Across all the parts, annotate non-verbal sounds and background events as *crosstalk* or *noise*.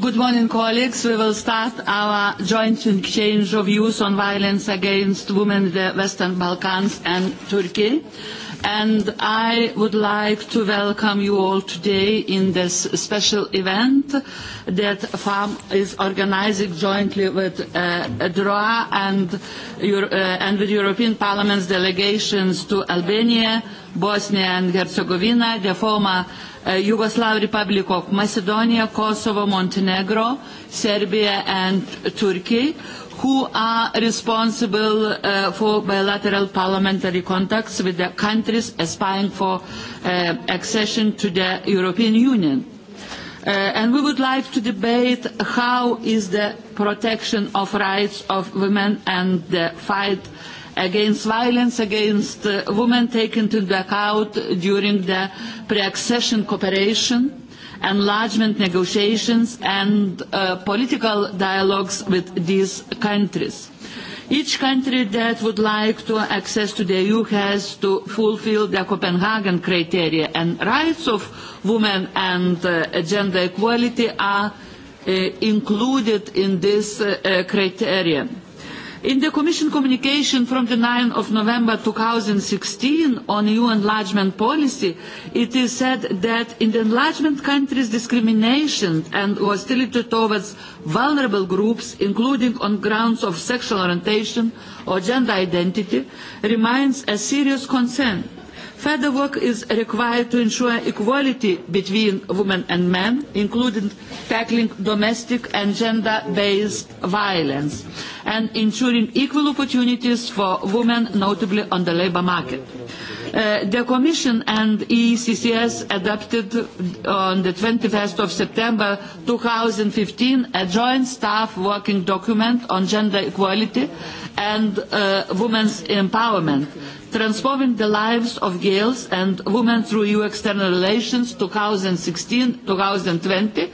Good morning, colleagues. We will start our joint exchange of views on violence against women in the Western Balkans and Turkey and I would like to welcome you all today in this special event that FAM is organizing jointly with uh, DROA and, uh, and with European Parliament's delegations to Albania, Bosnia and Herzegovina, the former uh, Yugoslav Republic of Macedonia, Kosovo, Montenegro, Serbia and Turkey, who are responsible uh, for bilateral parliamentary contacts with the countries aspiring for uh, accession to the European Union. Uh, and we would like to debate how is the protection of rights of women and the fight against violence against uh, women taken into account during the pre-accession cooperation enlargement negotiations and uh, political dialogues with these countries. Each country that would like to access to the EU has to fulfill the Copenhagen criteria and rights of women and uh, gender equality are uh, included in this uh, criterion. In the Commission communication from the 9th of November 2016 on EU enlargement policy, it is said that in the enlargement countries discrimination and hostility towards vulnerable groups, including on grounds of sexual orientation or gender identity, remains a serious concern Further work is required to ensure equality between women and men, including tackling domestic and gender-based violence, and ensuring equal opportunities for women, notably on the labour market. Uh, the Commission and ECCS adopted uh, on the 21st of September 2015 a joint staff working document on gender equality and uh, women's empowerment Transforming the Lives of Girls and Women Through EU External Relations 2016-2020,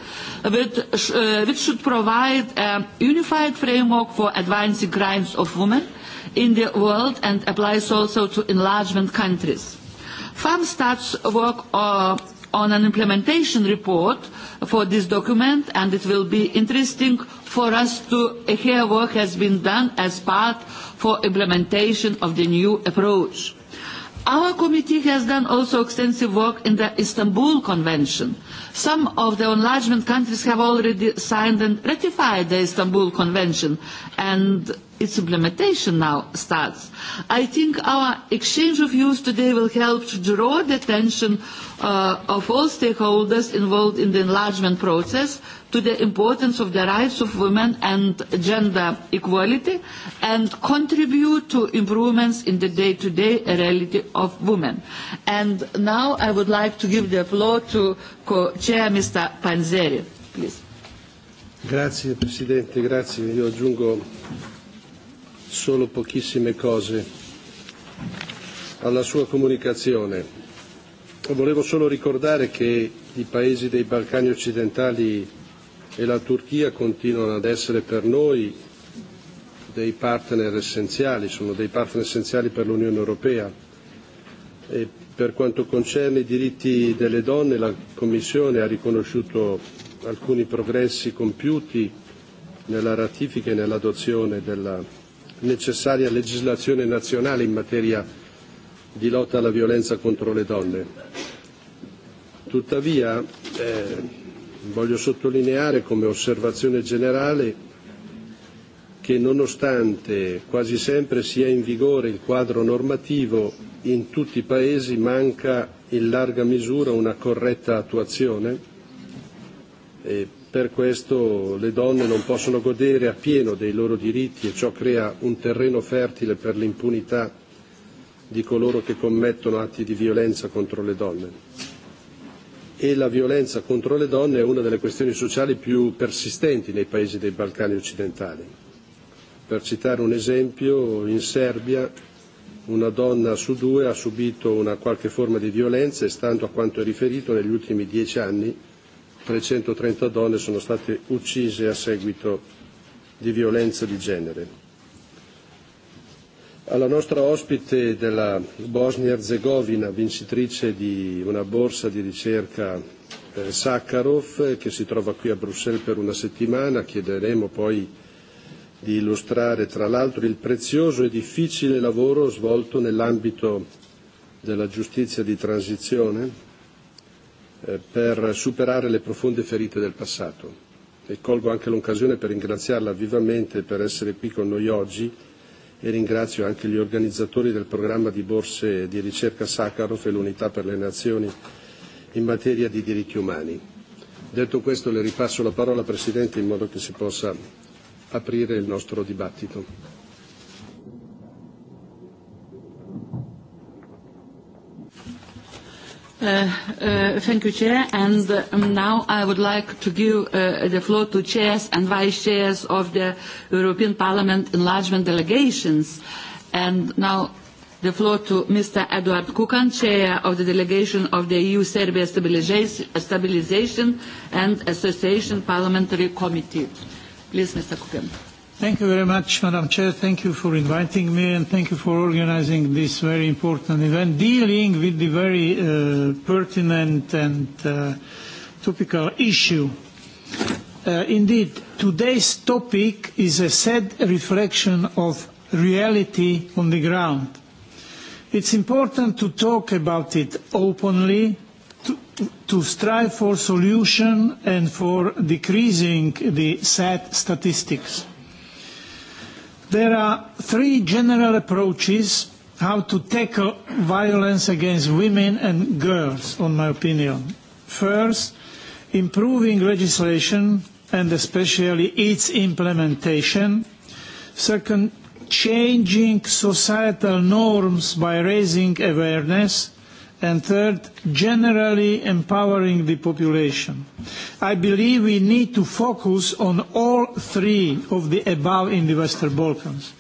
which, uh, which should provide a unified framework for advancing crimes of women in the world and applies also to enlargement countries. FAM starts work uh, on an implementation report for this document and it will be interesting for us to hear what has been done as part for implementation of the new approach. Our committee has done also extensive work in the Istanbul Convention. Some of the enlargement countries have already signed and ratified the Istanbul Convention and its implementation now starts. I think our exchange of views today will help to draw the attention uh, of all stakeholders involved in the enlargement process to the importance of the rights of women and gender equality and contribute to improvements in the day-to-day -day reality of women. And now I would like to give the floor to co-chair Mr. Panzeri, please. Grazie Presidente, grazie. Io aggiungo solo pochissime cose alla sua comunicazione. Volevo solo ricordare che i paesi dei Balcani occidentali e la Turchia continuano ad essere per noi dei partner essenziali, sono dei partner essenziali per l'Unione Europea. E per quanto concerne i diritti delle donne, la Commissione ha riconosciuto alcuni progressi compiuti nella ratifica e nell'adozione della necessaria legislazione nazionale in materia di lotta alla violenza contro le donne. Tuttavia eh, voglio sottolineare come osservazione generale che nonostante quasi sempre sia in vigore il quadro normativo, in tutti i Paesi manca in larga misura una corretta attuazione, e Per questo le donne non possono godere appieno dei loro diritti e ciò crea un terreno fertile per l'impunità di coloro che commettono atti di violenza contro le donne. E la violenza contro le donne è una delle questioni sociali più persistenti nei paesi dei Balcani occidentali. Per citare un esempio, in Serbia una donna su due ha subito una qualche forma di violenza e, stando a quanto è riferito, negli ultimi dieci anni 330 donne sono state uccise a seguito di violenza di genere. Alla nostra ospite della Bosnia-Herzegovina, vincitrice di una borsa di ricerca eh, Sakharov, che si trova qui a Bruxelles per una settimana, chiederemo poi di illustrare tra l'altro il prezioso e difficile lavoro svolto nell'ambito della giustizia di transizione Eh, per superare le profonde ferite del passato. E colgo anche l'occasione per ringraziarla vivamente per essere qui con noi oggi e ringrazio anche gli organizzatori del programma di borse di ricerca Sakharov e l'Unità per le Nazioni in materia di diritti umani. Detto questo le ripasso la parola Presidente in modo che si possa aprire il nostro dibattito. Uh, uh, thank you, Chair. And uh, now I would like to give uh, the floor to chairs and vice chairs of the European Parliament enlargement delegations. And now the floor to Mr. Eduard Kukan, chair of the delegation of the EU-Serbia Stabilization and Association Parliamentary Committee. Please, Mr. Kukan. Thank you very much, Madam Chair. Thank you for inviting me and thank you for organizing this very important event dealing with the very uh, pertinent and uh, topical issue. Uh, indeed, today's topic is a sad reflection of reality on the ground. It's important to talk about it openly, to, to strive for solution and for decreasing the sad statistics. There are three general approaches how to tackle violence against women and girls, on my opinion. First, improving legislation and especially its implementation. Second, changing societal norms by raising awareness and third, generally empowering the population. I believe we need to focus on all three of the above in the Western Balkans.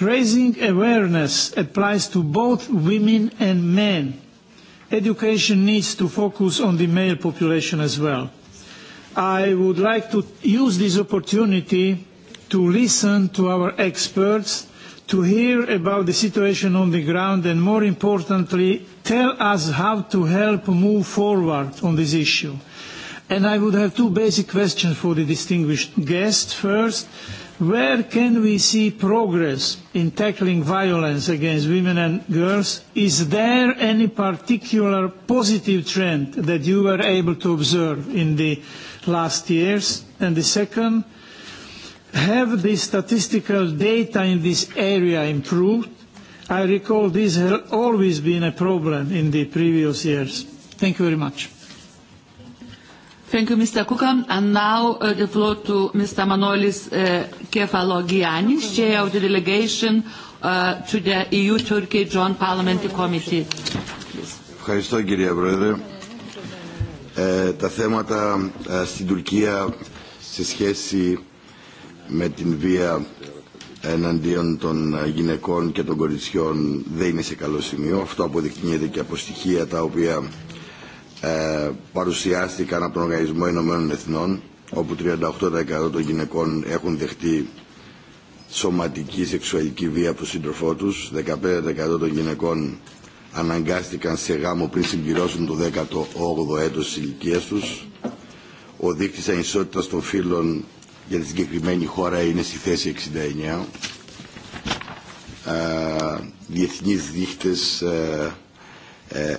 Raising awareness applies to both women and men. Education needs to focus on the male population as well. I would like to use this opportunity to listen to our experts, to hear about the situation on the ground and more importantly tell us how to help move forward on this issue. And I would have two basic questions for the distinguished guest. First, where can we see progress in tackling violence against women and girls? Is there any particular positive trend that you were able to observe in the last years? And the second, have the statistical data in this area improved? I recall this has always been a problem in the previous years. Thank you very much. Thank you, Mr. Kukan. And now uh, the floor to Mr. Manolis uh, Kefalogianis, chair of the delegation uh, to the EU-Turkey Joint Parliamentary Committee. Ευχαριστώ, κύριε Πρόεδρε. Ε, τα θέματα ε, στην Τουρκία σε σχέση με την βία εναντίον των γυναικών και των κοριτσιών δεν είναι σε καλό σημείο. Αυτό αποδεικνύεται και από στοιχεία τα οποία ε, παρουσιάστηκαν από τον Οργανισμό Ηνωμένων Εθνών, όπου 38% των γυναικών έχουν δεχτεί σωματική σεξουαλική βία από τον σύντροφό τους, 15% των γυναικών αναγκάστηκαν σε γάμο πριν συμπληρώσουν το 18ο έτος της ηλικίας τους. Ο δείκτης ανισότητας των φύλων για τη συγκεκριμένη χώρα είναι στη θέση 69. Διεθνεί διεθνείς δείχτες ε,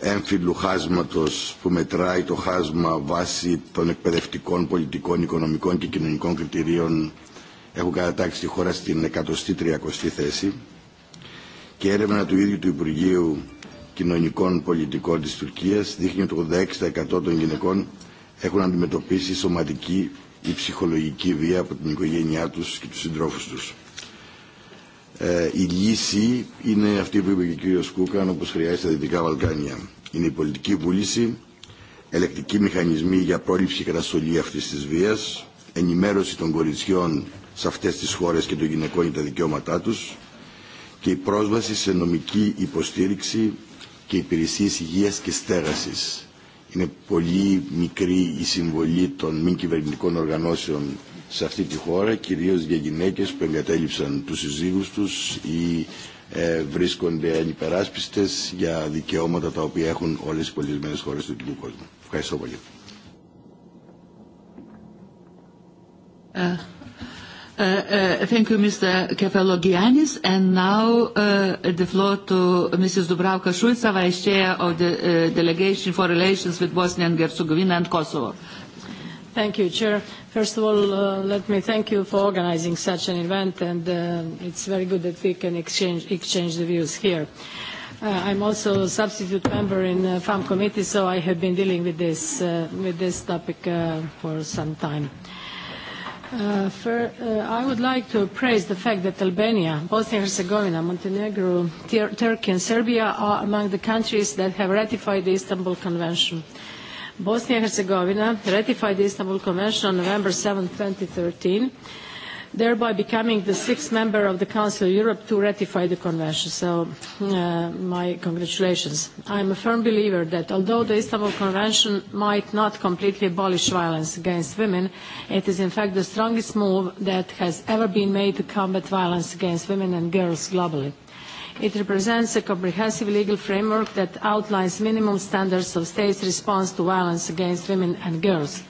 έμφυλου χάσματος που μετράει το χάσμα βάσει των εκπαιδευτικών, πολιτικών, οικονομικών και κοινωνικών κριτηρίων έχουν κατατάξει τη χώρα στην 130η θέση και έρευνα του ίδιου του Υπουργείου Κοινωνικών Πολιτικών τη Τουρκία, δείχνει ότι το 86% των γυναικών έχουν αντιμετωπίσει σωματική η ψυχολογική βία από την οικογένειά τους και τους συντρόφους τους. Ε, η λύση είναι αυτή που είπε και ο κύριος Κούκαν όπως χρειάζεται Δυτικά Βαλκάνια. Είναι η πολιτική βούληση, ελεκτικοί μηχανισμοί για πρόληψη και καταστολή αυτής της βίας, ενημέρωση των κοριτσιών σε αυτές τις χώρες και των γυναικών για τα δικαιώματά τους και η πρόσβαση σε νομική υποστήριξη και υπηρεσίες υγείας και στέγασης είναι πολύ μικρή η συμβολή των μη κυβερνητικών οργανώσεων σε αυτή τη χώρα, κυρίως για γυναίκες που εγκατέλειψαν τους συζύγους τους ή ε, βρίσκονται ανυπεράσπιστες για δικαιώματα τα οποία έχουν όλες οι πολιτισμένες χώρες του κοινού κόσμου. Ευχαριστώ πολύ. Uh, Uh, uh, thank you, Mr. Kefalogianis. And now uh, the floor to Mrs. Dubravka Šuica, Vice Chair of the uh, Delegation for Relations with Bosnia and Herzegovina and Kosovo. Thank you, Chair. First of all, uh, let me thank you for organizing such an event, and uh, it's very good that we can exchange, exchange the views here. Uh, I'm also a substitute member in the uh, FAM committee, so I have been dealing with this, uh, with this topic uh, for some time. Uh, Uh, for, uh, I would like to praise the fact that Albania, Bosnia and Herzegovina, Montenegro, Tur Turkey and Serbia are among the countries that have ratified the Istanbul Convention. Bosnia and Herzegovina ratified the Istanbul Convention on November 7, 2013 thereby becoming the sixth member of the Council of Europe to ratify the Convention. So uh, my congratulations. I am a firm believer that although the Istanbul Convention might not completely abolish violence against women, it is in fact the strongest move that has ever been made to combat violence against women and girls globally. It represents a comprehensive legal framework that outlines minimum standards of states' response to violence against women and girls.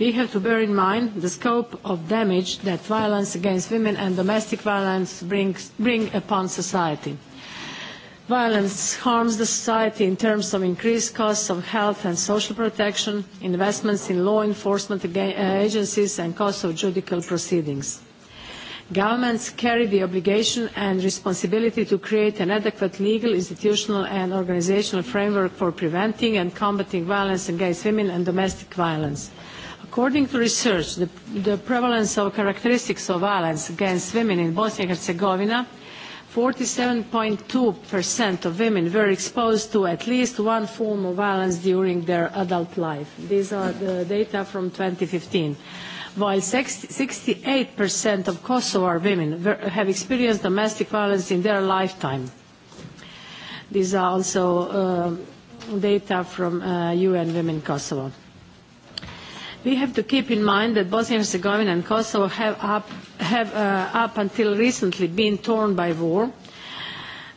We have to bear in mind the scope of damage that violence against women and domestic violence brings, bring upon society. Violence harms the society in terms of increased costs of health and social protection, investments in law enforcement uh, agencies and costs of judicial proceedings. Governments carry the obligation and responsibility to create an adequate legal, institutional and organizational framework for preventing and combating violence against women and domestic violence. According to research, the, the prevalence of characteristics of violence against women in Bosnia and Herzegovina, 47.2% of women were exposed to at least one form of violence during their adult life. These are the data from 2015 while 68% of Kosovar women have experienced domestic violence in their lifetime. These are also uh, data from uh, UN Women Kosovo. We have to keep in mind that Bosnia and Herzegovina and Kosovo have up, have, uh, up until recently been torn by war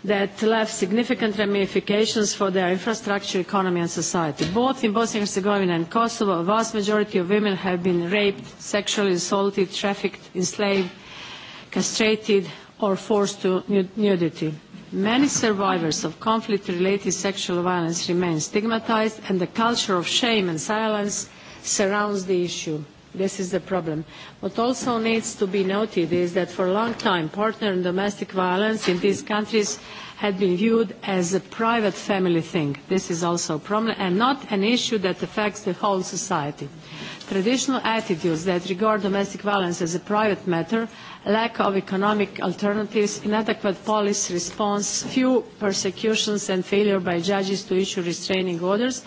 that left significant ramifications for their infrastructure, economy and society. Both in Bosnia and Herzegovina and Kosovo, a vast majority of women have been raped, sexually assaulted, trafficked, enslaved, castrated or forced to nudity. Many survivors of conflict-related sexual violence remain stigmatized and the culture of shame and silence – surrounds the issue. This is the problem. What also needs to be noted is that for a long time, partner and domestic violence in these countries had been viewed as a private family thing. This is also a problem and not an issue that affects the whole society traditional attitudes that regard domestic violence as a private matter, lack of economic alternatives, inadequate police response, few persecutions and failure by judges to issue restraining orders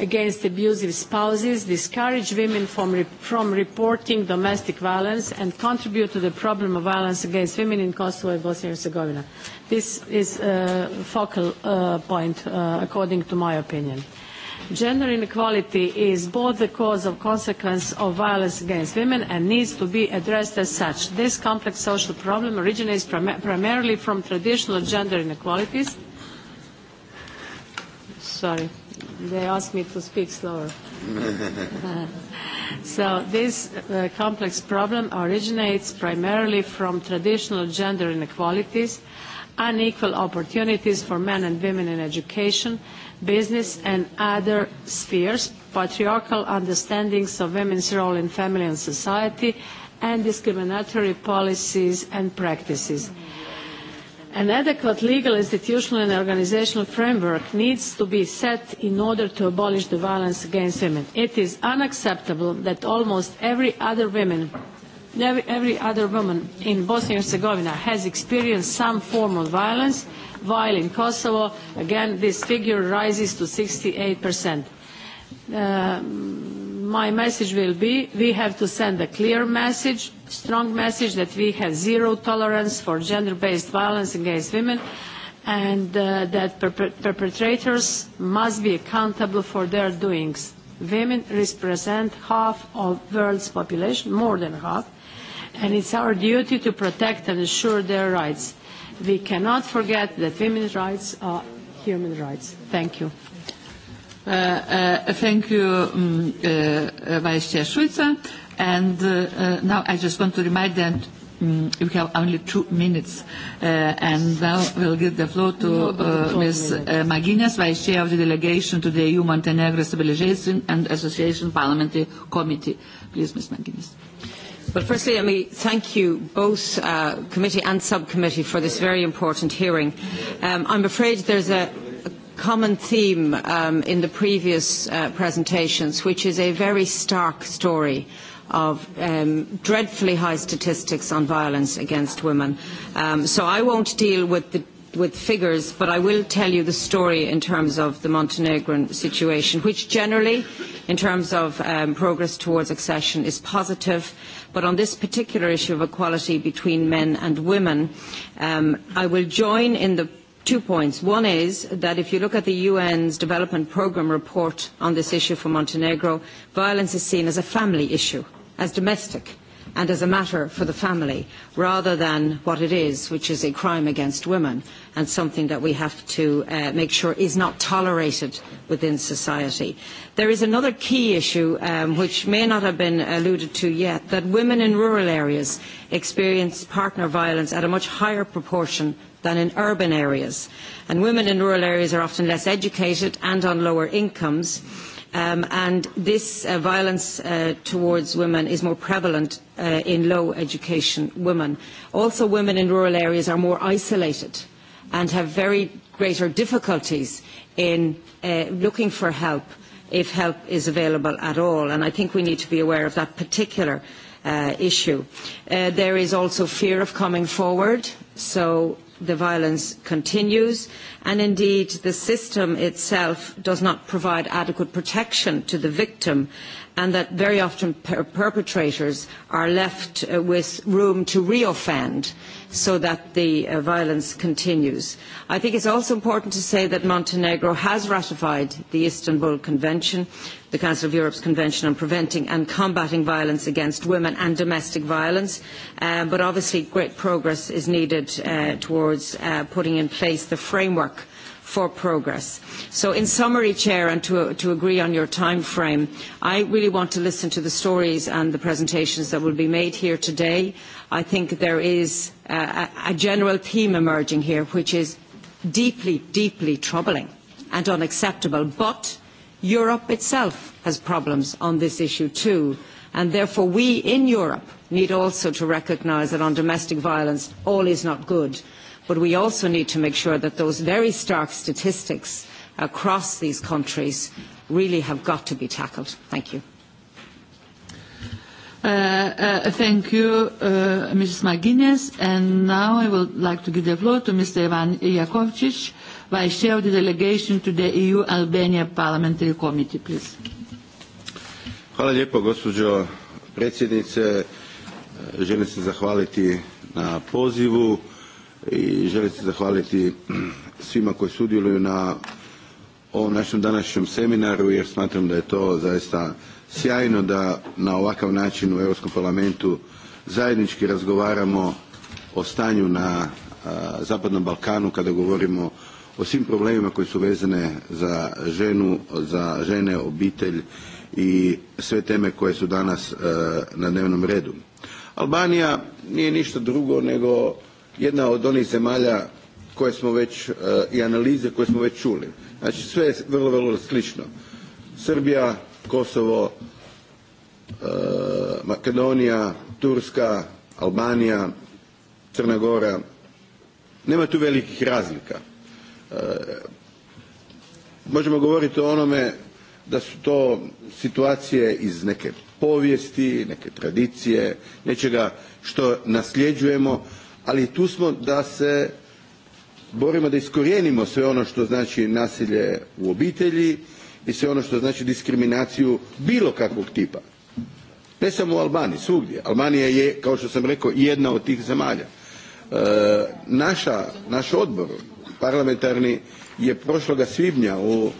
against abusive spouses discourage women from, re from reporting domestic violence and contribute to the problem of violence against women in Kosovo and Bosnia and Herzegovina. This is a focal uh, point, uh, according to my opinion. Gender inequality is both the cause of consequence of violence against women and needs to be addressed as such. This complex social problem originates prim primarily from traditional gender inequalities. Sorry, they asked me to speak slower. *laughs* so this uh, complex problem originates primarily from traditional gender inequalities, unequal opportunities for men and women in education, business and other spheres, patriarchal understandings of women's role in family and society, and discriminatory policies and practices. An adequate legal, institutional and organizational framework needs to be set in order to abolish the violence against women. It is unacceptable that almost every other woman every, every other woman in Bosnia and Herzegovina has experienced some form of violence while in Kosovo, again, this figure rises to 68%. Uh, um, my message will be we have to send a clear message, strong message that we have zero tolerance for gender-based violence against women and uh, that perpetrators must be accountable for their doings. Women represent half of the world's population, more than half, and it's our duty to protect and ensure their rights we cannot forget that women's rights are human rights. Thank you. Uh, uh, thank you, um, uh, Vice Chair Schulze. And uh, uh, now I just want to remind them mm, um, we have only two minutes. Uh, and now we'll give the floor to uh, Ms. Uh, Maginas, Vice Chair of the Delegation to the EU Montenegro Stabilization and Association Parliamentary Committee. Please, Ms. Maginas. Well, firstly, let me thank you both, uh, committee and subcommittee, for this very important hearing. Um, I'm afraid there's a, a common theme um, in the previous uh, presentations, which is a very stark story of um, dreadfully high statistics on violence against women. Um, so I won't deal with the with figures, but I will tell you the story in terms of the Montenegrin situation, which generally, in terms of um, progress towards accession, is positive. But on this particular issue of equality between men and women, um, I will join in the two points. One is that if you look at the UN's development programme report on this issue for Montenegro, violence is seen as a family issue, as domestic and as a matter for the family rather than what it is, which is a crime against women and something that we have to uh, make sure is not tolerated within society. There is another key issue um, which may not have been alluded to yet, that women in rural areas experience partner violence at a much higher proportion than in urban areas. And women in rural areas are often less educated and on lower incomes Um, and this uh, violence uh, towards women is more prevalent uh, in low education women. Also, women in rural areas are more isolated and have very greater difficulties in uh, looking for help if help is available at all. And I think we need to be aware of that particular uh, issue. Uh, there is also fear of coming forward. So the violence continues and indeed the system itself does not provide adequate protection to the victim and that very often per perpetrators are left uh, with room to reoffend so that the uh, violence continues. I think it is also important to say that Montenegro has ratified the Istanbul Convention the Council of Europe's Convention on Preventing and Combating Violence Against Women and Domestic Violence. Uh, but obviously great progress is needed uh, towards uh, putting in place the framework for progress. So in summary, Chair, and to, to agree on your time frame, I really want to listen to the stories and the presentations that will be made here today. I think there is uh, a, a general theme emerging here, which is deeply, deeply troubling and unacceptable, but Europe itself has problems on this issue too, and therefore we in Europe need also to recognise that on domestic violence all is not good, but we also need to make sure that those very stark statistics across these countries really have got to be tackled. Thank you. Uh, uh, thank you, uh, Mrs. McGuinness. And now I would like to give the floor to Mr. Ivan Jakovcic Vice Chair of the Delegation to the EU Albania Parliamentary Committee, please. Hvala lijepo, gospođo predsjednice. Želim se zahvaliti na pozivu i želim se zahvaliti svima koji sudjeluju na ovom našem današnjem seminaru jer smatram da je to zaista sjajno da na ovakav način u Europskom parlamentu zajednički razgovaramo o stanju na a, Zapadnom Balkanu kada govorimo o svim problemima koji su vezane za ženu, za žene, obitelj i sve teme koje su danas e, na dnevnom redu. Albanija nije ništa drugo nego jedna od onih zemalja koje smo već e, i analize koje smo već čuli. Znači sve je vrlo, vrlo slično. Srbija, Kosovo, e, Makedonija, Turska, Albanija, Crna Gora. Nema tu velikih razlika. Eh, možemo govoriti o onome da su to situacije iz neke povijesti, neke tradicije, nečega što nasljeđujemo, ali tu smo da se borimo da iskorijenimo sve ono što znači nasilje u obitelji i sve ono što znači diskriminaciju bilo kakvog tipa. Ne samo u Albaniji, svugdje. Albanija je, kao što sam rekao, jedna od tih zemalja. E, naša, naš odbor parlamentarni je prošloga svibnja u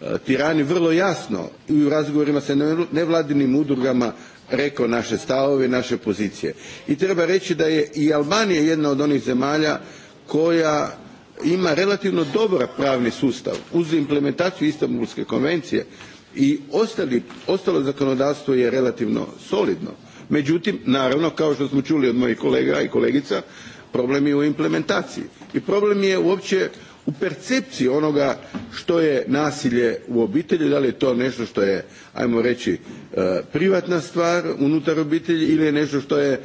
e, Tirani vrlo jasno i u razgovorima sa nevladinim udrugama rekao naše stavove, naše pozicije. I treba reći da je i Albanija jedna od onih zemalja koja ima relativno dobar pravni sustav uz implementaciju Istanbulske konvencije i ostali, ostalo zakonodavstvo je relativno solidno. Međutim, naravno, kao što smo čuli od mojih kolega i kolegica, problem je u implementaciji i problem je uopće u percepciji onoga što je nasilje u obitelji, da li je to nešto što je, ajmo reći, e, privatna stvar unutar obitelji ili je nešto što je e,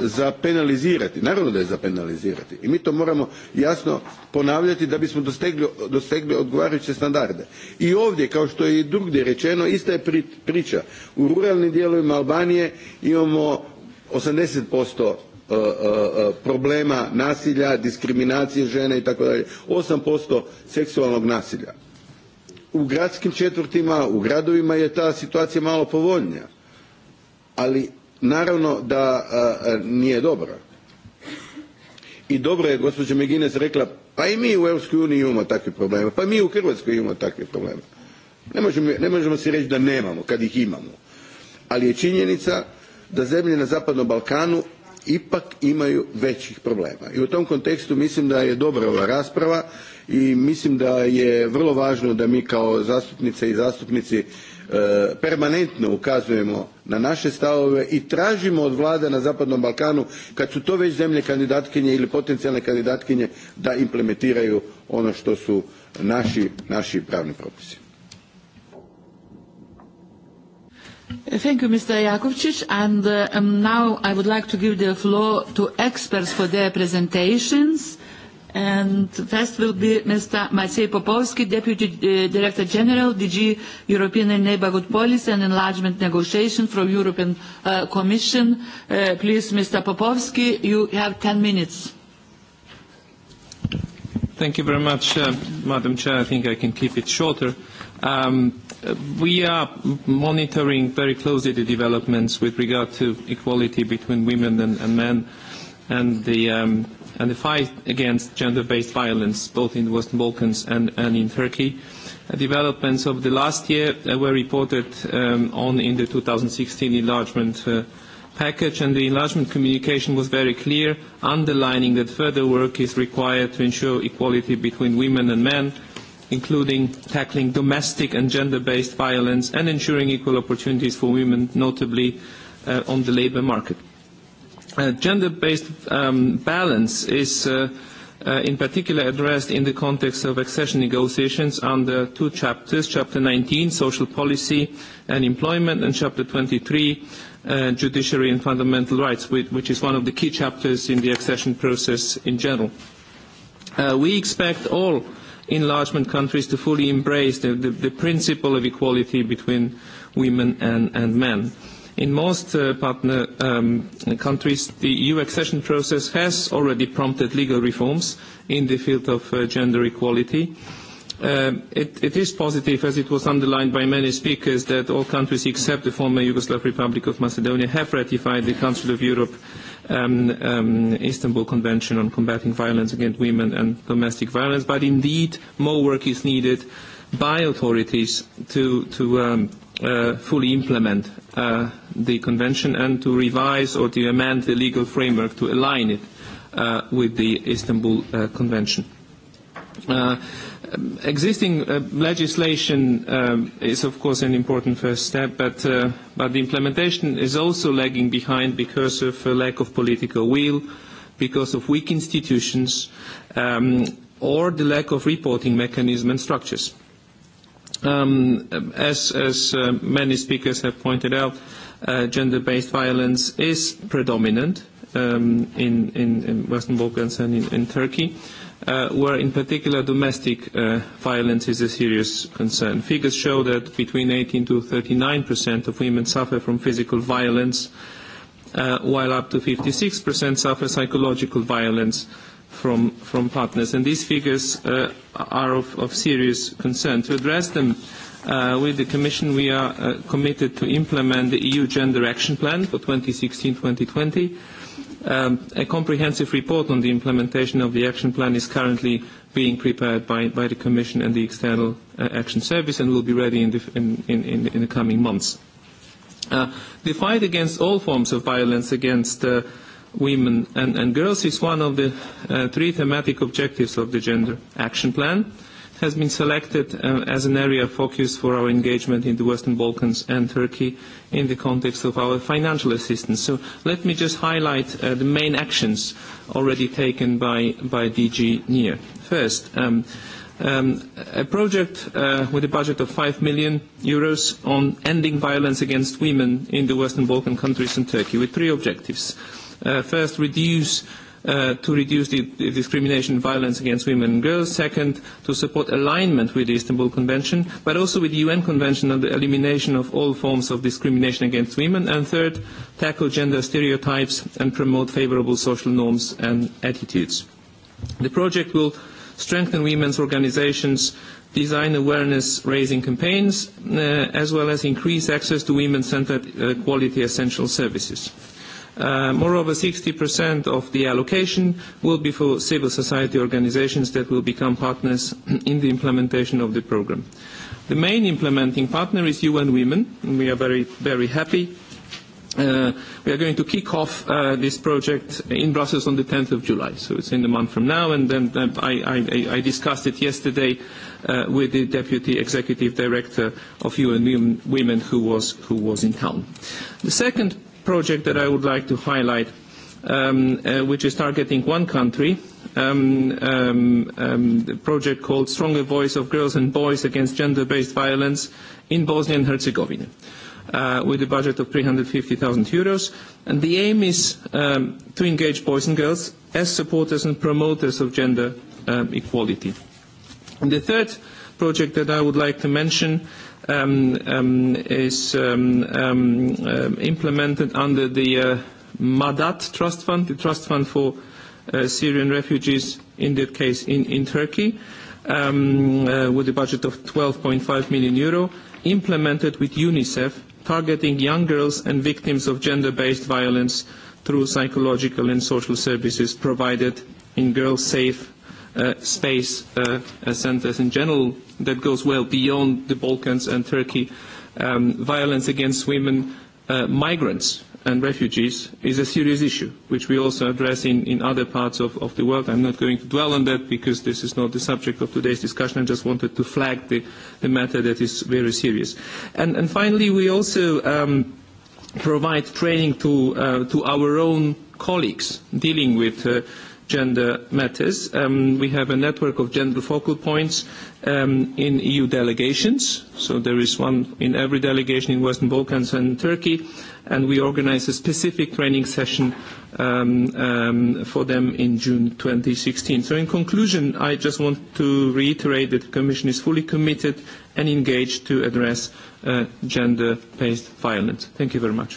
za penalizirati. Naravno da je za penalizirati i mi to moramo jasno ponavljati da bismo dostegli, dostegli odgovarajuće standarde. I ovdje, kao što je i drugdje rečeno, ista je priča. U ruralnim dijelovima Albanije imamo 80% E, e, e, problema nasilja, diskriminacije žene i tako dalje. 8% seksualnog nasilja. U gradskim četvrtima, u gradovima je ta situacija malo povoljnija, ali naravno da nije dobra. I dobro je gospođa Megines rekla, pa i mi u Europskoj uniji imamo takve probleme, pa mi u Hrvatskoj imamo takve probleme. Ne možemo, ne možemo si reći da nemamo, kad ih imamo. Ali je činjenica da zemlje na Zapadnom Balkanu ipak imaju većih problema. I u tom kontekstu mislim da je dobra ova rasprava i mislim da je vrlo važno da mi kao zastupnice i zastupnici e, permanentno ukazujemo na naše stavove i tražimo od vlada na Zapadnom Balkanu, kad su to već zemlje kandidatkinje ili potencijalne kandidatkinje, da implementiraju ono što su naši, naši pravni propisi. Thank you, Mr. Jakovcic. And uh, um, now I would like to give the floor to experts for their presentations. And first will be Mr. Maciej Popowski, Deputy uh, Director General, DG European Neighborhood Policy and Enlargement Negotiation from European uh, Commission. Uh, please, Mr. Popowski, you have 10 minutes. Thank you very much, uh, Madam Chair. I think I can keep it shorter. Um, we are monitoring very closely the developments with regard to equality between women and, and men and the, um, and the fight against gender-based violence, both in the Western Balkans and, and in Turkey. Uh, developments of the last year uh, were reported um, on in the 2016 enlargement uh, package, and the enlargement communication was very clear, underlining that further work is required to ensure equality between women and men, including tackling domestic and gender-based violence and ensuring equal opportunities for women, notably uh, on the labour market. Uh, gender-based um, balance is uh, uh, in particular addressed in the context of accession negotiations under two chapters, Chapter 19, Social Policy and Employment, and Chapter 23, uh, Judiciary and Fundamental Rights, which, which is one of the key chapters in the accession process in general. Uh, we expect all enlargement countries to fully embrace the, the, the principle of equality between women and, and men. In most uh, partner um, countries, the EU accession process has already prompted legal reforms in the field of uh, gender equality. Uh, it, it is positive, as it was underlined by many speakers, that all countries except the former Yugoslav Republic of Macedonia have ratified the Council of Europe um, um, Istanbul Convention on Combating Violence Against Women and Domestic Violence, but indeed more work is needed by authorities to, to um, uh, fully implement uh, the convention and to revise or to amend the legal framework to align it uh, with the Istanbul uh, Convention. Uh, um, existing uh, legislation uh, is of course an important first step, but, uh, but the implementation is also lagging behind because of a lack of political will, because of weak institutions, um, or the lack of reporting mechanism and structures. Um, as as uh, many speakers have pointed out, uh, gender-based violence is predominant um, in, in, in Western Balkans and in, in Turkey, uh, where in particular domestic uh, violence is a serious concern. Figures show that between 18 to 39 percent of women suffer from physical violence, uh, while up to 56 percent suffer psychological violence from, from partners. And these figures uh, are of, of serious concern. To address them, uh, with the Commission, we are uh, committed to implement the EU Gender Action Plan for 2016-2020, Um, a comprehensive report on the implementation of the action plan is currently being prepared by, by the Commission and the External uh, Action Service and will be ready in the, in, in, in the coming months. Uh, the fight against all forms of violence against uh, women and, and girls is one of the uh, three thematic objectives of the Gender Action Plan. Uh, has been selected uh, as an area of focus for our engagement in the Western Balkans and Turkey in the context of our financial assistance. So let me just highlight uh, the main actions already taken by, by DG NIR. First, um, um, a project uh, with a budget of 5 million euros on ending violence against women in the Western Balkan countries and Turkey with three objectives. Uh, first, reduce uh, to reduce the, the discrimination and violence against women and girls. Second, to support alignment with the Istanbul Convention, but also with the UN Convention on the elimination of all forms of discrimination against women. And third, tackle gender stereotypes and promote favorable social norms and attitudes. The project will strengthen women's organizations design awareness raising campaigns uh, as well as increase access to women centered uh, quality essential services. Uh, moreover, 60% of the allocation will be for civil society organizations that will become partners *clears throat* in the implementation of the program. The main implementing partner is UN Women, and we are very, very happy. Uh, we are going to kick off uh, this project in Brussels on the 10th of July, so it's in the month from now, and then uh, I, I, I discussed it yesterday uh, with the Deputy Executive Director of UN Women who was, who was in town. The second project that I would like to highlight, um, uh, which is targeting one country, um, um, um, the project called Stronger Voice of Girls and Boys Against Gender-Based Violence in Bosnia and Herzegovina. Uh, with a budget of 350,000 euros. And the aim is um, to engage boys and girls as supporters and promoters of gender um, equality. And the third project that I would like to mention um, um, is um, um, uh, implemented under the uh, Madat Trust Fund, the Trust Fund for uh, Syrian refugees, in that case in, in Turkey, um, uh, with a budget of 12.5 million euro, implemented with UNICEF, targeting young girls and victims of gender-based violence through psychological and social services provided in girls-safe uh, space uh, centers in general that goes well beyond the Balkans and Turkey. Um, violence against women, uh, migrants and refugees is a serious issue, which we also address in, in other parts of, of the world. I'm not going to dwell on that because this is not the subject of today's discussion. I just wanted to flag the, the matter that is very serious. And, and finally, we also um, provide training to, uh, to our own colleagues dealing with uh, gender matters. Um, we have a network of gender focal points um, in EU delegations. So there is one in every delegation in Western Balkans and Turkey, and we organize a specific training session um, um, for them in June 2016. So in conclusion, I just want to reiterate that the Commission is fully committed and engaged to address uh, gender-based violence. Thank you very much.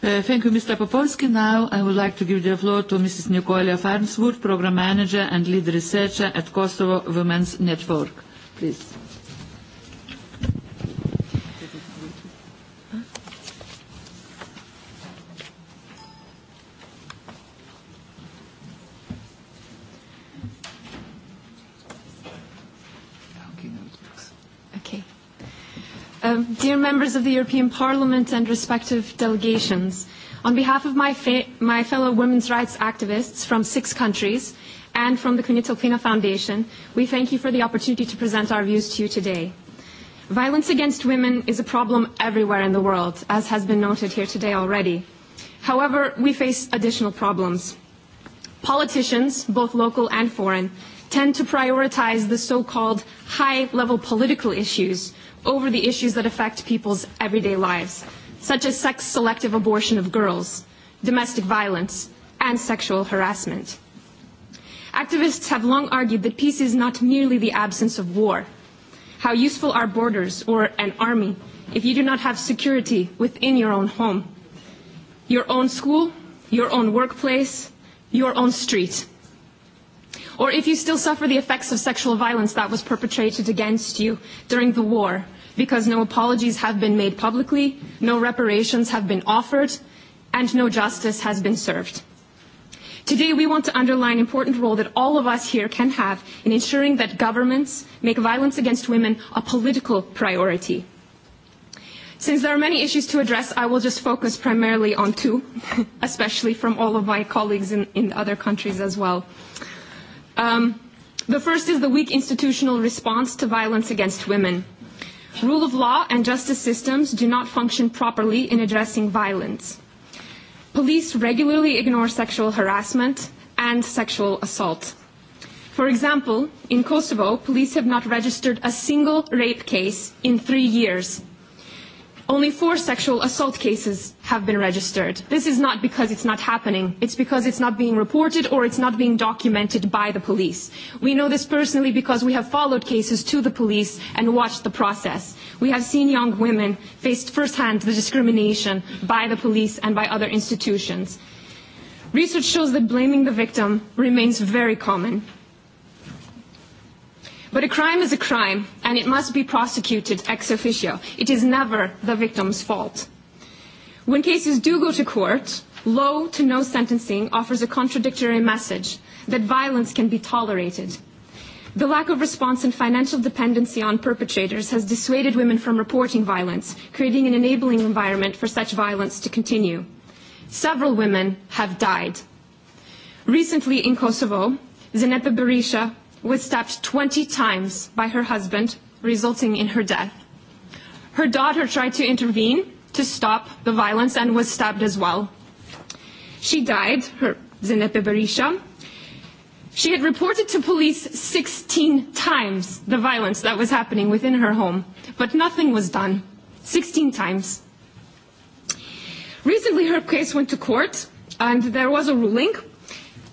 Uh, thank you, Mr. Popolski. Now I would like to give the floor to Mrs. Nicolia Farnsworth, Program Manager and Lead Researcher at Kosovo Women's Network. Please. Um, dear members of the European Parliament and respective delegations, on behalf of my, my fellow women's rights activists from six countries and from the Kunitilpina Foundation, we thank you for the opportunity to present our views to you today. Violence against women is a problem everywhere in the world, as has been noted here today already. However, we face additional problems. Politicians, both local and foreign, tend to prioritize the so-called high-level political issues over the issues that affect people's everyday lives, such as sex-selective abortion of girls, domestic violence, and sexual harassment. Activists have long argued that peace is not merely the absence of war. How useful are borders or an army if you do not have security within your own home, your own school, your own workplace, your own street? Or if you still suffer the effects of sexual violence that was perpetrated against you during the war, because no apologies have been made publicly, no reparations have been offered, and no justice has been served. Today, we want to underline important role that all of us here can have in ensuring that governments make violence against women a political priority. Since there are many issues to address, I will just focus primarily on two, *laughs* especially from all of my colleagues in, in other countries as well. Um, the first is the weak institutional response to violence against women. Rule of law and justice systems do not function properly in addressing violence. Police regularly ignore sexual harassment and sexual assault. For example, in Kosovo, police have not registered a single rape case in three years Only four sexual assault cases have been registered. This is not because it's not happening. It's because it's not being reported or it's not being documented by the police. We know this personally because we have followed cases to the police and watched the process. We have seen young women face firsthand the discrimination by the police and by other institutions. Research shows that blaming the victim remains very common. But a crime is a crime, and it must be prosecuted ex officio. It is never the victim's fault. When cases do go to court, low to no sentencing offers a contradictory message that violence can be tolerated. The lack of response and financial dependency on perpetrators has dissuaded women from reporting violence, creating an enabling environment for such violence to continue. Several women have died. Recently in Kosovo, Zenepa Berisha was stabbed 20 times by her husband, resulting in her death. Her daughter tried to intervene to stop the violence and was stabbed as well. She died, her Zenepe Berisha. She had reported to police 16 times the violence that was happening within her home, but nothing was done. 16 times. Recently, her case went to court, and there was a ruling.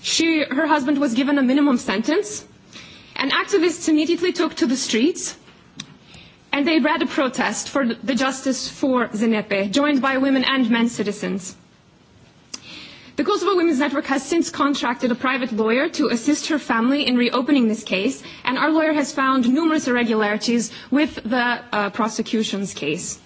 She, her husband was given a minimum sentence, And activists immediately took to the streets and they read a protest for the justice for Zenepe, joined by women and men citizens. The Kosovo Women's Network has since contracted a private lawyer to assist her family in reopening this case, and our lawyer has found numerous irregularities with the uh, prosecution's case.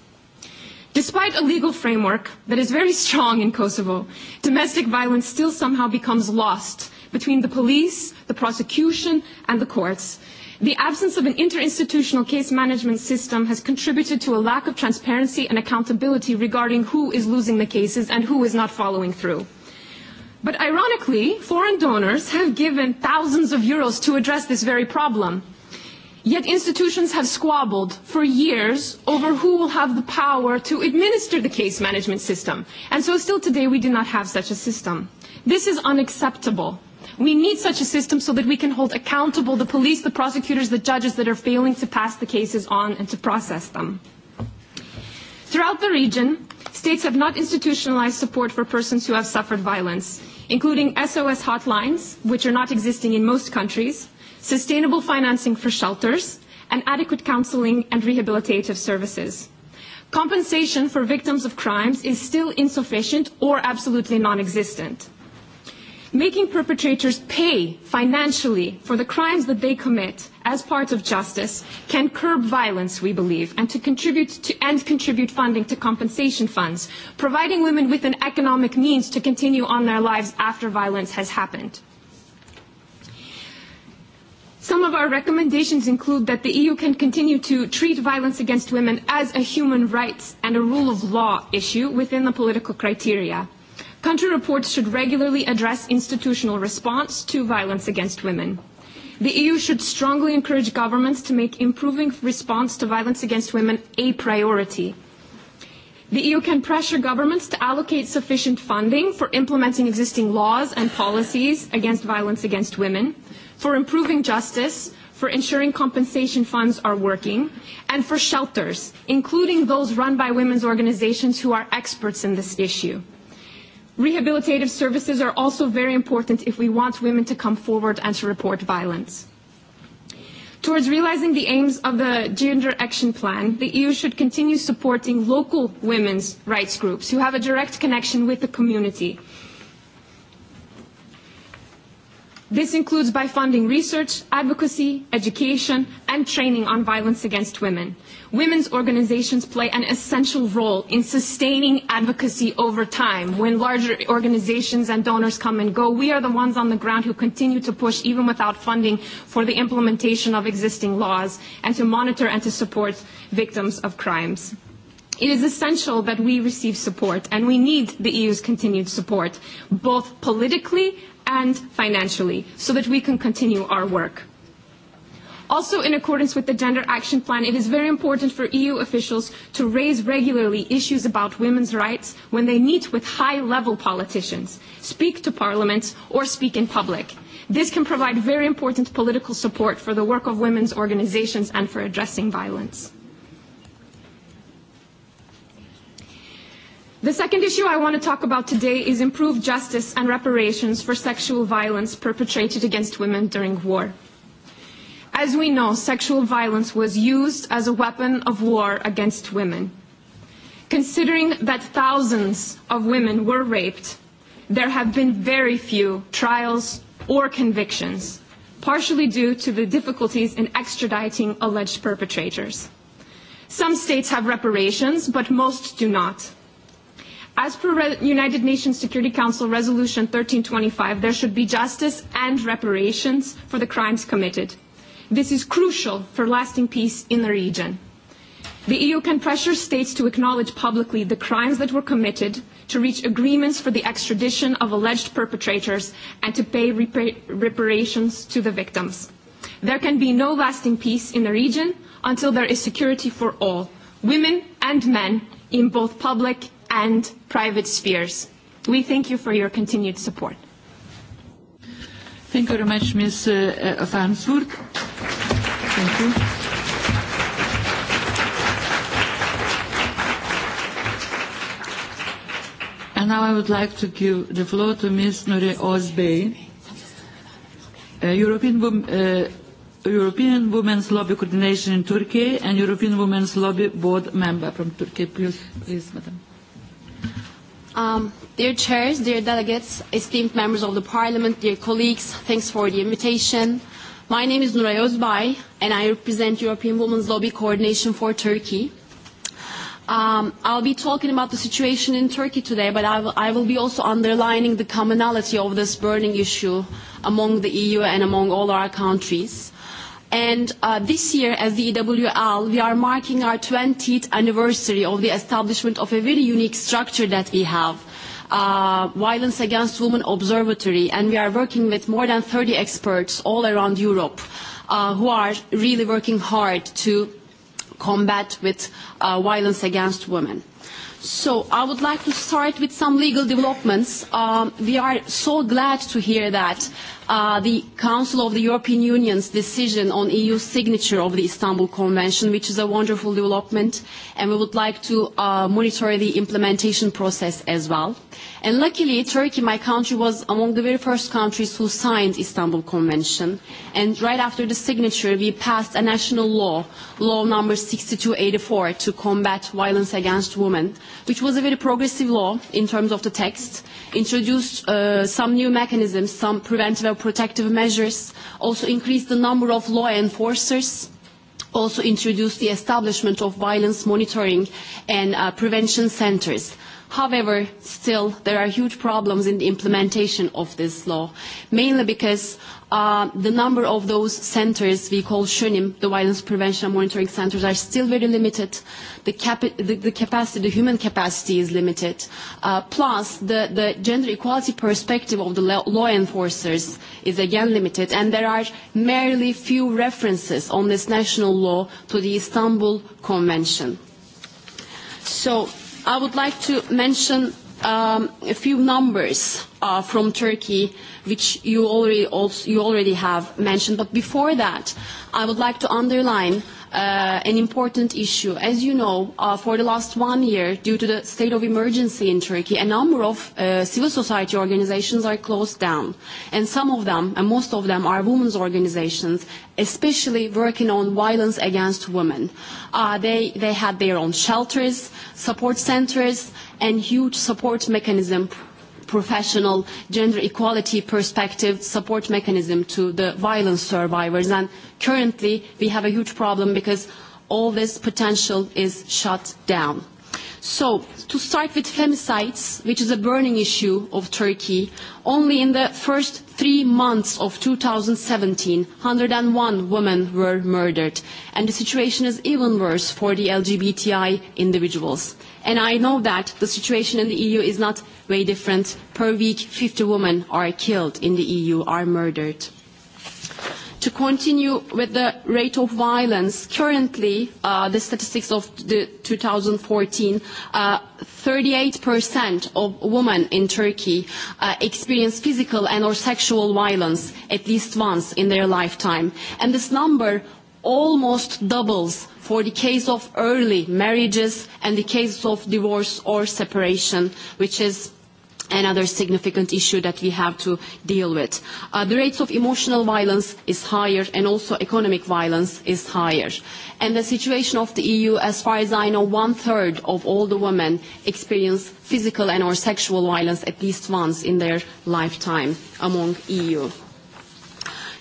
Despite a legal framework that is very strong in Kosovo, domestic violence still somehow becomes lost between the police, the prosecution, and the courts. The absence of an interinstitutional case management system has contributed to a lack of transparency and accountability regarding who is losing the cases and who is not following through. But ironically, foreign donors have given thousands of euros to address this very problem. Yet institutions have squabbled for years over who will have the power to administer the case management system. And so still today we do not have such a system. This is unacceptable. We need such a system so that we can hold accountable the police, the prosecutors, the judges that are failing to pass the cases on and to process them. Throughout the region, states have not institutionalized support for persons who have suffered violence, including SOS hotlines, which are not existing in most countries, sustainable financing for shelters, and adequate counseling and rehabilitative services. Compensation for victims of crimes is still insufficient or absolutely non-existent making perpetrators pay financially for the crimes that they commit as part of justice can curb violence, we believe, and to contribute to, and contribute funding to compensation funds, providing women with an economic means to continue on their lives after violence has happened. Some of our recommendations include that the EU can continue to treat violence against women as a human rights and a rule of law issue within the political criteria Country reports should regularly address institutional response to violence against women. The EU should strongly encourage governments to make improving response to violence against women a priority. The EU can pressure governments to allocate sufficient funding for implementing existing laws and policies against violence against women, for improving justice, for ensuring compensation funds are working, and for shelters, including those run by women's organizations who are experts in this issue. Rehabilitative services are also very important if we want women to come forward and to report violence. Towards realizing the aims of the Gender Action Plan, the EU should continue supporting local women's rights groups who have a direct connection with the community This includes by funding research, advocacy, education, and training on violence against women. Women's organizations play an essential role in sustaining advocacy over time. When larger organizations and donors come and go, we are the ones on the ground who continue to push, even without funding, for the implementation of existing laws and to monitor and to support victims of crimes. It is essential that we receive support, and we need the EU's continued support, both politically and financially so that we can continue our work. Also, in accordance with the Gender Action Plan, it is very important for EU officials to raise regularly issues about women's rights when they meet with high-level politicians, speak to parliaments, or speak in public. This can provide very important political support for the work of women's organizations and for addressing violence. The second issue I want to talk about today is improved justice and reparations for sexual violence perpetrated against women during war. As we know, sexual violence was used as a weapon of war against women. Considering that thousands of women were raped, there have been very few trials or convictions, partially due to the difficulties in extraditing alleged perpetrators. Some states have reparations, but most do not. As per Re United Nations Security Council Resolution 1325, there should be justice and reparations for the crimes committed. This is crucial for lasting peace in the region. The EU can pressure states to acknowledge publicly the crimes that were committed, to reach agreements for the extradition of alleged perpetrators, and to pay reparations to the victims. There can be no lasting peace in the region until there is security for all, women and men, in both public and private spheres. We thank you for your continued support. Thank you very much, Ms. Farnsworth. Uh, uh, thank you. And now I would like to give the floor to Ms. Nure Osbey, uh, European, uh, European Women's Lobby Coordination in Turkey and European Women's Lobby Board Member from Turkey. Please, please Madam. Um, dear chairs, dear delegates, esteemed members of the parliament, dear colleagues, thanks for the invitation. My name is Nuray Özbay, and I represent European Women's Lobby Coordination for Turkey. Um, I'll be talking about the situation in Turkey today, but I will, I will be also underlining the commonality of this burning issue among the EU and among all our countries. And uh, this year as the EWL, we are marking our 20th anniversary of the establishment of a very unique structure that we have uh, Violence Against Women Observatory, and we are working with more than 30 experts all around Europe uh, who are really working hard to combat with uh, violence against women. So I would like to start with some legal developments. Um, we are so glad to hear that uh, the Council of the European Union's decision on EU signature of the Istanbul Convention, which is a wonderful development, and we would like to uh, monitor the implementation process as well. And luckily, Turkey, my country, was among the very first countries who signed Istanbul Convention. And right after the signature, we passed a national law, Law Number 6284, to combat violence against women, which was a very progressive law in terms of the text introduced uh, some new mechanisms, some preventive or protective measures, also increased the number of law enforcers, also introduced the establishment of violence monitoring and uh, prevention centers. However, still there are huge problems in the implementation of this law, mainly because uh, the number of those centers we call SHUNIM, the violence prevention and monitoring centers, are still very limited. The, cap the, the capacity, the human capacity is limited. Uh, plus, the, the gender equality perspective of the law enforcers is again limited, and there are merely few references on this national law to the Istanbul Convention. So, I would like to mention um, a few numbers uh, from Turkey, which you already, also, you already have mentioned. But before that, I would like to underline uh, an important issue. As you know, uh, for the last one year, due to the state of emergency in Turkey, a number of uh, civil society organizations are closed down. And some of them, and most of them, are women's organizations, especially working on violence against women. Uh, they, they had their own shelters, support centers, and huge support mechanism professional gender equality perspective support mechanism to the violence survivors. And currently we have a huge problem because all this potential is shut down. So, to start with femicides, which is a burning issue of Turkey, only in the first three months of 2017, 101 women were murdered. And the situation is even worse for the LGBTI individuals. And I know that the situation in the EU is not very different. Per week, 50 women are killed in the EU, are murdered to continue with the rate of violence. Currently, uh, the statistics of the 2014, uh, 38% of women in Turkey uh, experience physical and or sexual violence at least once in their lifetime. And this number almost doubles for the case of early marriages and the case of divorce or separation, which is another significant issue that we have to deal with. Uh, the rates of emotional violence is higher and also economic violence is higher. And the situation of the EU, as far as I know, one-third of all the women experience physical and or sexual violence at least once in their lifetime among EU.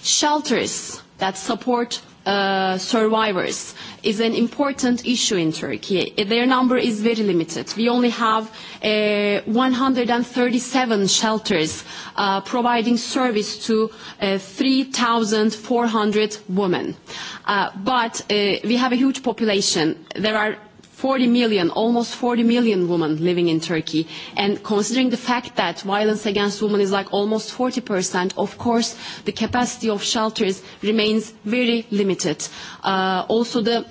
Shelters that support uh, survivors is an important issue in Turkey. Their number is very limited. We only have uh, 137 shelters uh, providing service to uh, 3,400 women. Uh, but uh, we have a huge population. There are 40 million, almost 40 million women living in Turkey. And considering the fact that violence against women is like almost 40%, of course, the capacity of shelters remains very limited. Uh, also the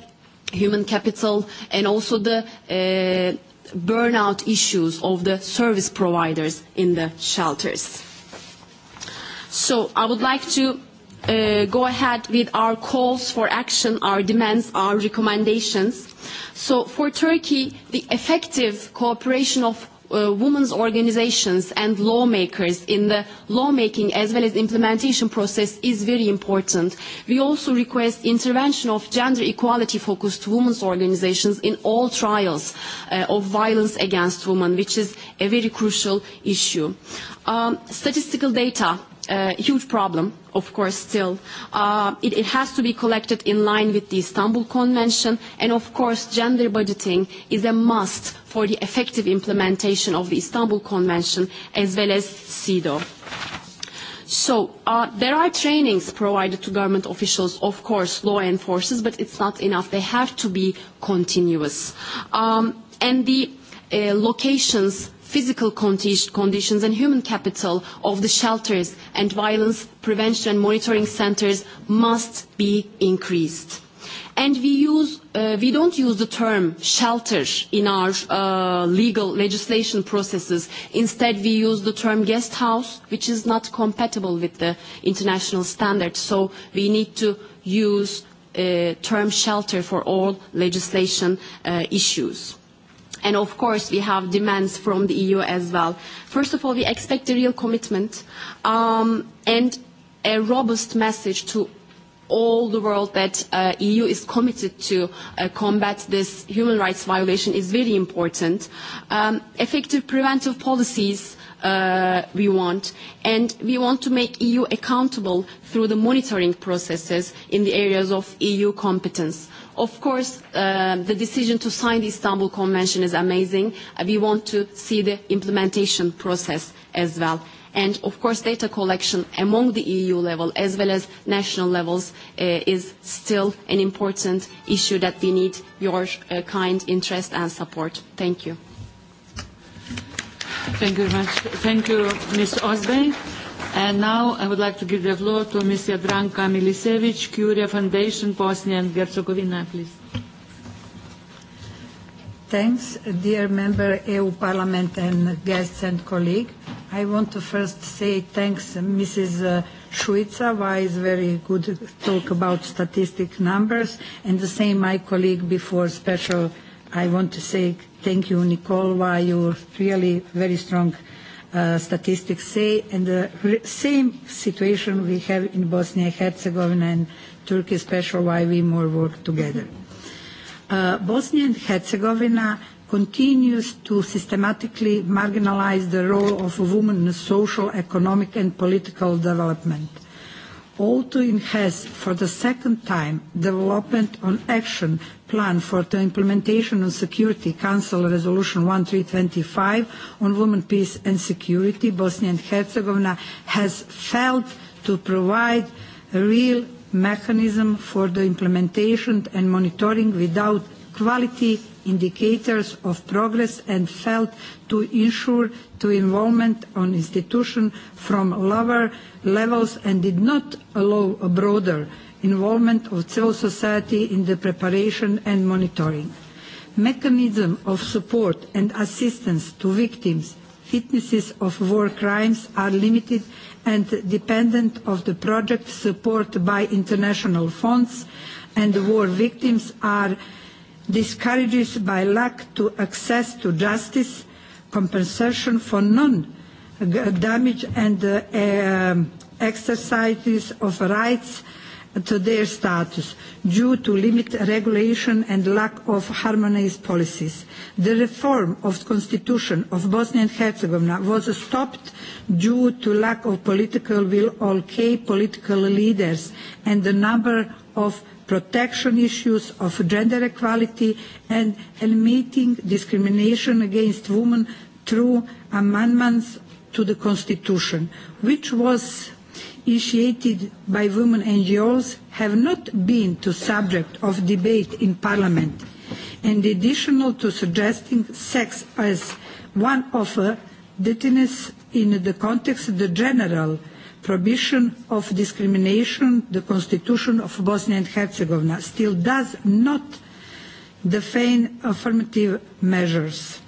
human capital and also the uh, burnout issues of the service providers in the shelters. So I would like to uh, go ahead with our calls for action, our demands, our recommendations. So for Turkey, the effective cooperation of uh, women's organizations and lawmakers in the lawmaking as well as implementation process is very important. We also request intervention of gender equality focused women's organizations in all trials uh, of violence against women, which is a very crucial issue. Um, statistical data a uh, huge problem, of course, still. Uh, it, it has to be collected in line with the Istanbul Convention, and of course, gender budgeting is a must for the effective implementation of the Istanbul Convention as well as CEDAW. So uh, there are trainings provided to government officials, of course, law enforcers, but it's not enough. They have to be continuous. Um, and the uh, locations physical conditions and human capital of the shelters and violence prevention and monitoring centres must be increased. And we, use, uh, we don't use the term shelter in our uh, legal legislation processes. Instead, we use the term guest house, which is not compatible with the international standards. So we need to use uh, term shelter for all legislation uh, issues. And of course, we have demands from the EU as well. First of all, we expect a real commitment um, and a robust message to all the world that uh, EU is committed to uh, combat this human rights violation is very important. Um, effective preventive policies uh, we want, and we want to make EU accountable through the monitoring processes in the areas of EU competence. Of course, uh, the decision to sign the Istanbul Convention is amazing. Uh, we want to see the implementation process as well. And of course, data collection among the EU level as well as national levels uh, is still an important issue that we need your uh, kind interest and support. Thank you. Thank you very much. Thank you, Ms. Osbey. And now I would like to give the floor to Ms. Jadranka Milisevic, Curia Foundation, Bosnia and Herzegovina, please. Thanks, dear member EU Parliament and guests and colleagues. I want to first say thanks, Mrs. Schwitzer, uh, why is very good talk about statistic numbers, and the same my colleague before special. I want to say thank you, Nicole, why you're really very strong Uh, statistics say, and the same situation we have in Bosnia and Herzegovina and Turkey, especially why we more work together. Uh, Bosnia and Herzegovina continues to systematically marginalize the role of women in social, economic and political development all to enhance for the second time development on action plan for the implementation of Security Council Resolution 1325 on women, peace and security, Bosnia and Herzegovina has failed to provide a real mechanism for the implementation and monitoring without quality indicators of progress and failed to ensure to involvement on institution from lower levels and did not allow a broader involvement of civil society in the preparation and monitoring. Mechanism of support and assistance to victims, witnesses of war crimes are limited and dependent of the project support by international funds and war victims are discourages by lack to access to justice compensation for non uh, damage and uh, um, exercises of rights to their status due to limit regulation and lack of harmonized policies. The reform of the constitution of Bosnia and Herzegovina was stopped due to lack of political will of key political leaders and the number of protection issues of gender equality and eliminating discrimination against women through amendments to the Constitution, which was initiated by women NGOs, have not been the subject of debate in Parliament. In addition to suggesting sex as one of uh, the in the context of the general prohibition of discrimination, the constitution of Bosnia and Herzegovina still does not define affirmative measures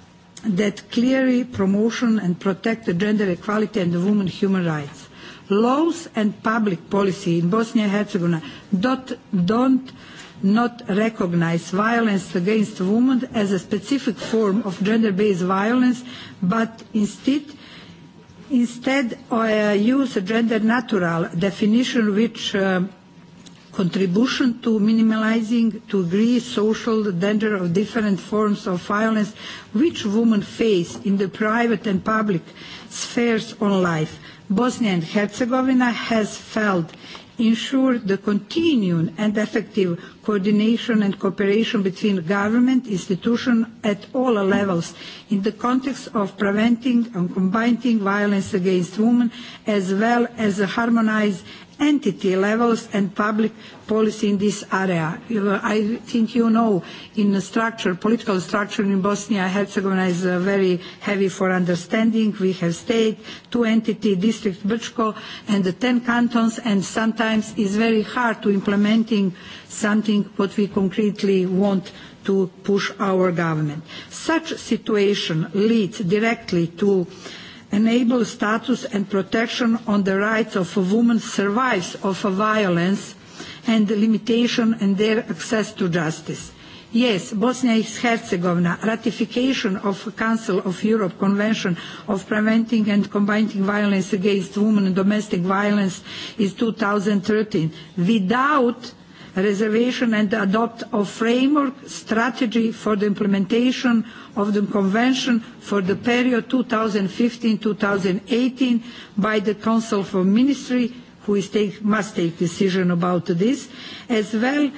that clearly promotion and protect the gender equality and the women's human rights. Laws and public policy in Bosnia and Herzegovina don't, don't not recognize violence against women as a specific form of gender-based violence, but instead Instead, uh, use a gender natural definition which uh, contribution to minimizing to agree social danger of different forms of violence which women face in the private and public spheres on life. Bosnia and Herzegovina has felt ensure the continued and effective coordination and cooperation between government institutions at all levels in the context of preventing and combating violence against women as well as a harmonised entity levels and public policy in this area. I think you know in the structure, political structure in Bosnia and Herzegovina is uh, very heavy for understanding. We have state, two entity, district Brčko and the ten cantons and sometimes it's very hard to implementing something what we concretely want to push our government. Such situation leads directly to uh, enable status and protection on the rights of a woman survives of a violence and the limitation in their access to justice. Yes, Bosnia and Herzegovina, ratification of the Council of Europe Convention of Preventing and Combating Violence Against Women and Domestic Violence is 2013 without reservation and adopt a framework strategy for the implementation of the Convention for the period 2015-2018 by the Council for Ministry, who is take, must take decision about this, as well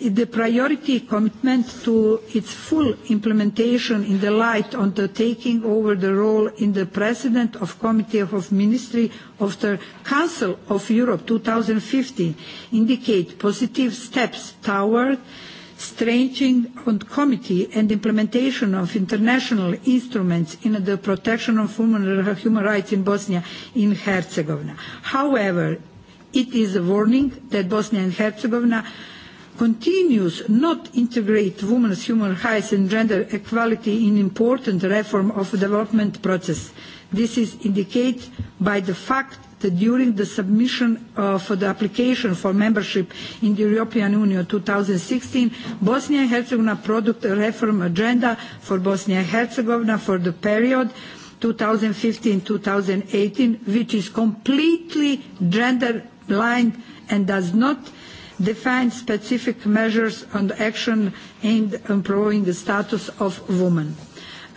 the priority commitment to its full implementation in the light on the taking over the role in the President of Committee of Ministry of the Council of Europe 2015 indicate positive steps toward strengthening on committee and implementation of international instruments in the protection of human, human rights in Bosnia and Herzegovina. However, it is a warning that Bosnia and Herzegovina continues not integrate women's human rights and gender equality in important reform of development process. This is indicated by the fact that during the submission of the application for membership in the European Union 2016, Bosnia and Herzegovina produced a reform agenda for Bosnia and Herzegovina for the period 2015-2018, which is completely gender blind and does not defined specific measures and action aimed at improving the status of women.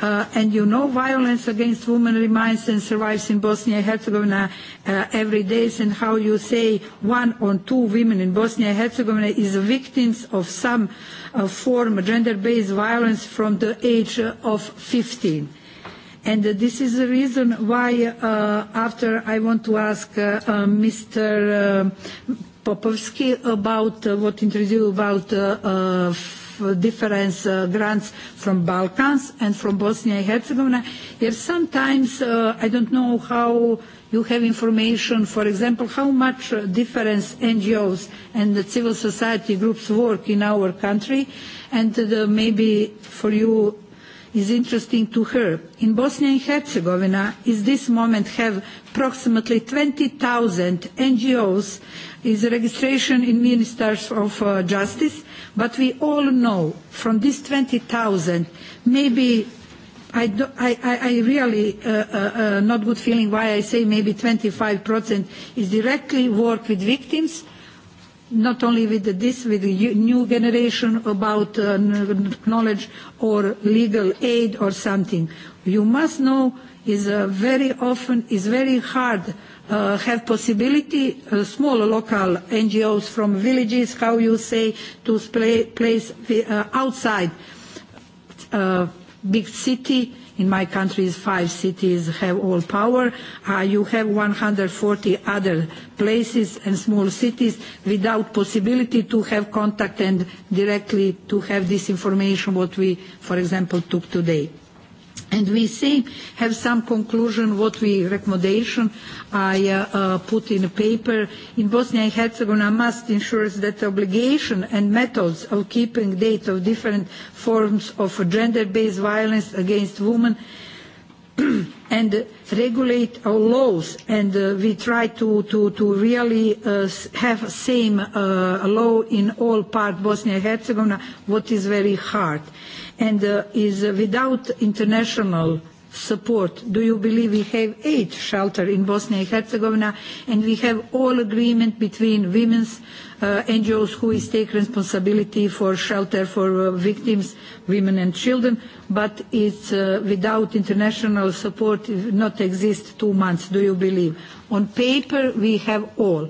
Uh, and you know violence against women remains and survives in Bosnia and Herzegovina uh, every day and how you say one or two women in Bosnia and Herzegovina is victims of some uh, form of gender-based violence from the age of 15. And this is the reason why uh, after I want to ask uh, uh, Mr. Uh, Popovsky about uh, what introduced about uh, uh, difference uh, grants from Balkans and from Bosnia and Herzegovina. Yes, sometimes uh, I don't know how you have information, for example, how much uh, difference NGOs and the civil society groups work in our country, and uh, maybe for you is interesting to her. In Bosnia and Herzegovina, at this moment have approximately 20,000 NGOs is registration in ministers of uh, justice, but we all know from these 20,000, maybe I, do, I, I, I really uh, uh, uh, not good feeling why I say maybe 25% is directly work with victims, not only with this, with the new generation about uh, knowledge or legal aid or something. You must know is uh, very often is very hard uh, have possibility uh, small local NGOs from villages, how you say, to play, place uh, outside uh, big city in my country five cities have all power. Uh, you have 140 other places and small cities without possibility to have contact and directly to have this information what we, for example, took today. And we say, have some conclusion, what we recommendation I uh, uh, put in a paper. In Bosnia and Herzegovina must ensure that the obligation and methods of keeping data of different forms of gender-based violence against women *clears throat* and regulate our laws and uh, we try to, to, to really uh, have same uh, law in all part Bosnia and Herzegovina, what is very hard and uh, is uh, without international support do you believe we have eight shelter in Bosnia and Herzegovina and we have all agreement between women's uh, NGOs who is take responsibility for shelter for uh, victims women and children but it's uh, without international support it not exist two months do you believe on paper we have all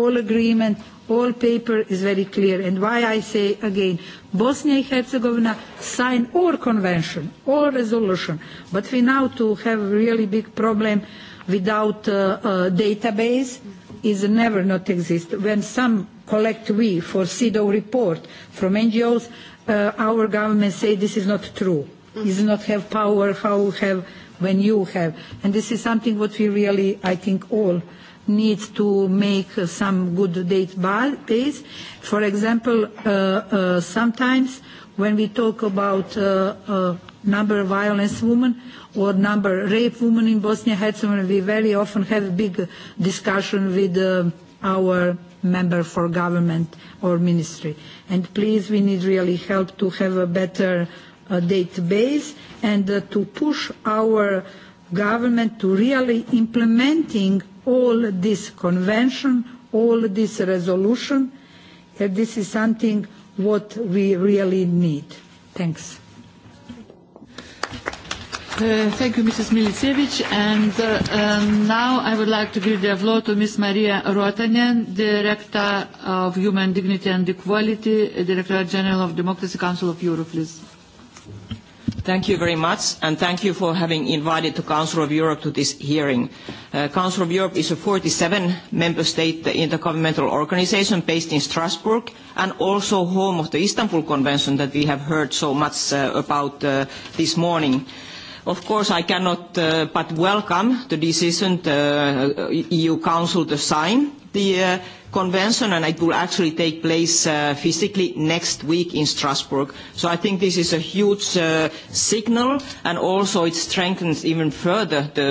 all agreement all paper is very clear and why I say again Bosnia and Herzegovina sign or convention or resolution but we now to have a really big problem without uh, a uh, database is never not exist when some collect we for CEDO report from NGOs uh, our government say this is not true is not have power how have when you have and this is something what we really I think all need to make some good days. For example, uh, uh, sometimes when we talk about uh, uh, number of violence women or number of rape women in Bosnia-Herzegovina, we very often have a big discussion with uh, our member for government or ministry. And please, we need really help to have a better uh, database and uh, to push our government to really implementing all this convention, all this resolution. And this is something what we really need. Thanks. Uh, thank you, Mrs. Milicevic. And uh, um, now I would like to give the floor to Ms. Maria Rotanen, Director of Human Dignity and Equality, Director General of Democracy Council of Europe, please. Thank you very much, and thank you for having invited the Council of Europe to this hearing. Uh, Council of Europe is a 47-member state intergovernmental organization based in Strasbourg, and also home of the Istanbul Convention that we have heard so much uh, about uh, this morning. Of course, I cannot uh, but welcome the decision the uh, EU Council to sign the uh, convention, and it will actually take place uh, physically next week in Strasbourg. So I think this is a huge uh, signal, and also it strengthens even further the,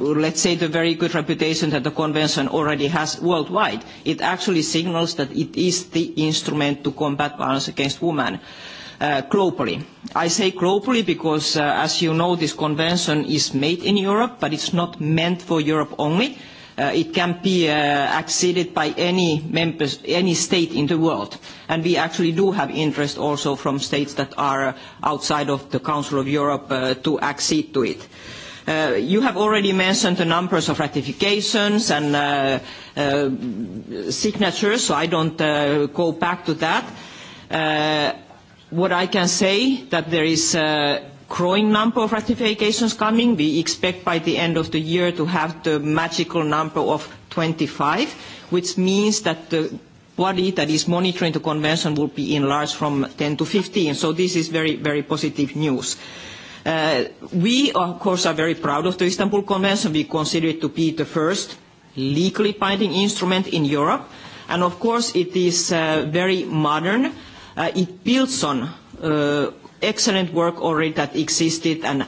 let's say, the very good reputation that the convention already has worldwide. It actually signals that it is the instrument to combat violence against women. Uh, globally. I say globally because, uh, as you know, this convention is made in Europe, but it's not meant for Europe only uh, it can be uh, acceded by any, members, any state in the world. And we actually do have interest also from states that are uh, outside of the Council of Europe uh, to accede to it. Uh, you have already mentioned the numbers of ratifications and uh, uh, signatures, so I don't uh, go back to that. Uh, what I can say that there is uh, growing number of ratifications coming. We expect by the end of the year to have the magical number of 25, which means that the body that is monitoring the convention will be enlarged from 10 to 15. So this is very, very positive news. Uh, we, of course, are very proud of the Istanbul Convention. We consider it to be the first legally binding instrument in Europe. And of course, it is uh, very modern. Uh, it builds on uh, excellent work already that existed and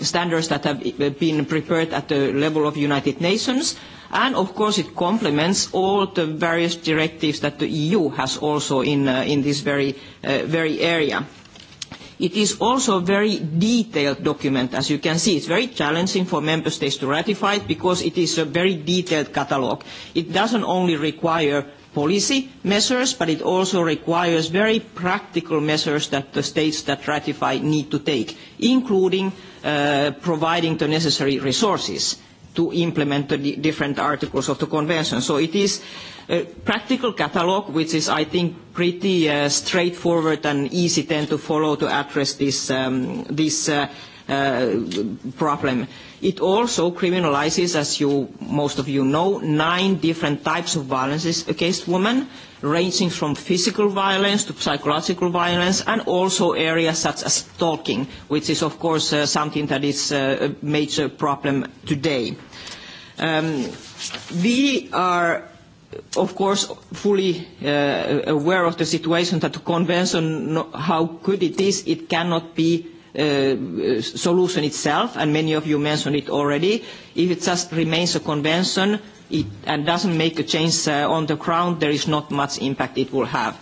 standards that have eh, been prepared at the level of the United Nations. And of course it complements all the various directives that the EU has also in, uh, in this very, uh, very area. It is also a very detailed document, as you can see. It's very challenging for member states to ratify it because it is a very detailed catalogue. It doesn't only require policy measures, but it also requires very practical measures that the states that ratify need to take, including uh, providing the necessary resources to implement the different articles of the convention. So it is a practical catalogue which is, I think, pretty uh, straightforward and easy then to follow to address this, um, this uh, Uh, problem. It also criminalizes, as you, most of you know, nine different types of violences against women, ranging from physical violence to psychological violence, and also areas such as stalking, which is, of course, uh, something that is uh, a major problem today. Um, we are of course, fully uh, aware of the situation that the convention, how good it is, it cannot be Uh, solution itself, and many of you mentioned it already. If it just remains a convention it, and doesn't make a change uh, on the ground, there is not much impact it will have.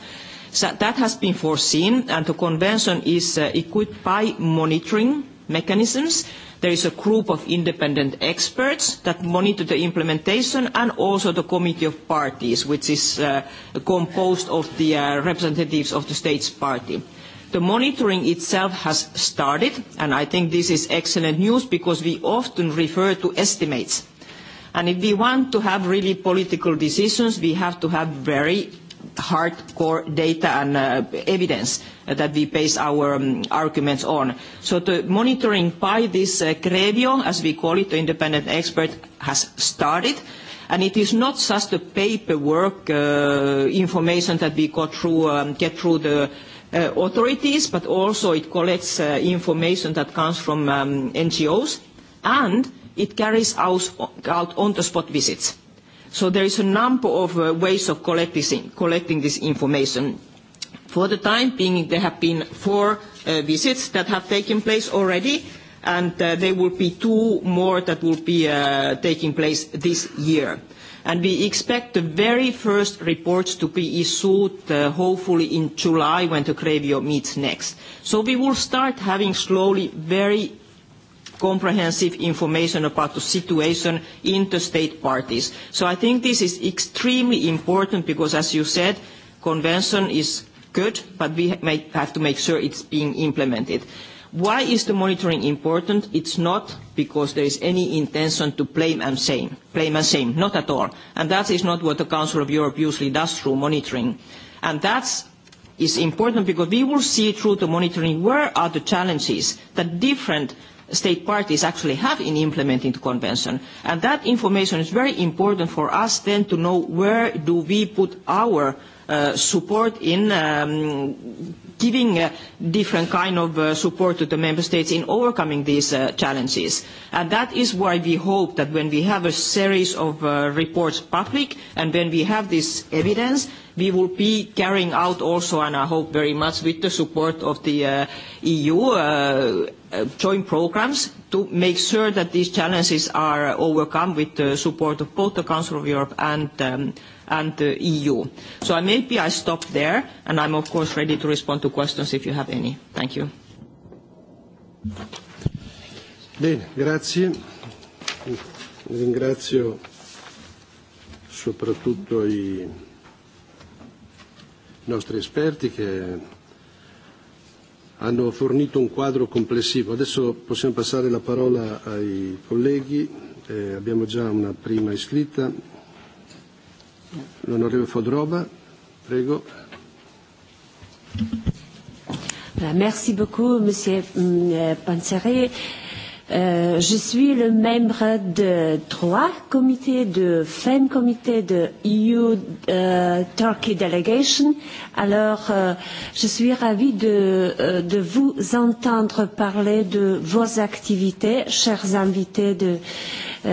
So that has been foreseen, and the convention is uh, equipped by monitoring mechanisms. There is a group of independent experts that monitor the implementation and also the committee of parties, which is uh, composed of the uh, representatives of the states party. The monitoring itself has started, and I think this is excellent news because we often refer to estimates. And if we want to have really political decisions, we have to have very hardcore data and uh, evidence that we base our um, arguments on. So the monitoring by this uh, Grevio, as we call it, the independent expert, has started. And it is not just the paperwork uh, information that we got through, um, get through the uh, authorities, but also it collects uh, information that comes from um, NGOs, and it carries out, out on-the-spot visits. So there is a number of uh, ways of collecting this information. For the time being, there have been four uh, visits that have taken place already, and uh, there will be two more that will be uh, taking place this year and we expect the very first reports to be issued uh, hopefully in July when the Crevio meets next. So we will start having slowly very comprehensive information about the situation in the state parties. So I think this is extremely important because as you said, convention is good, but we have to make sure it's being implemented. Why is the monitoring important? It's not because there is any intention to blame and shame. Blame and shame, not at all. And that is not what the Council of Europe usually does through monitoring. And that is important because we will see through the monitoring where are the challenges that different state parties actually have in implementing the convention. And that information is very important for us then to know where do we put our uh, support in um, giving uh, different kind of uh, support to the member states in overcoming these uh, challenges. And that is why we hope that when we have a series of uh, reports public and when we have this evidence, we will be carrying out also, and I hope very much with the support of the uh, EU, uh, uh, joint programs to make sure that these challenges are uh, overcome with the support of both the Council of Europe and um, and the EU. So maybe I stop there, and I'm of course ready to respond to questions if you have any. Thank you. Bene, grazie. Ringrazio soprattutto i nostri esperti che hanno fornito un quadro complessivo. Adesso possiamo passare la parola ai colleghi. Eh, abbiamo già una prima iscritta, L'onorevole Fodroba, prego. Merci beaucoup, Monsieur euh, Panzeré. Euh, je suis le membre de trois comités de FEM, comité de EU euh, Turkey Delegation. Alors, euh, je suis ravie de, euh, de vous entendre parler de vos activités, chers invités de, des,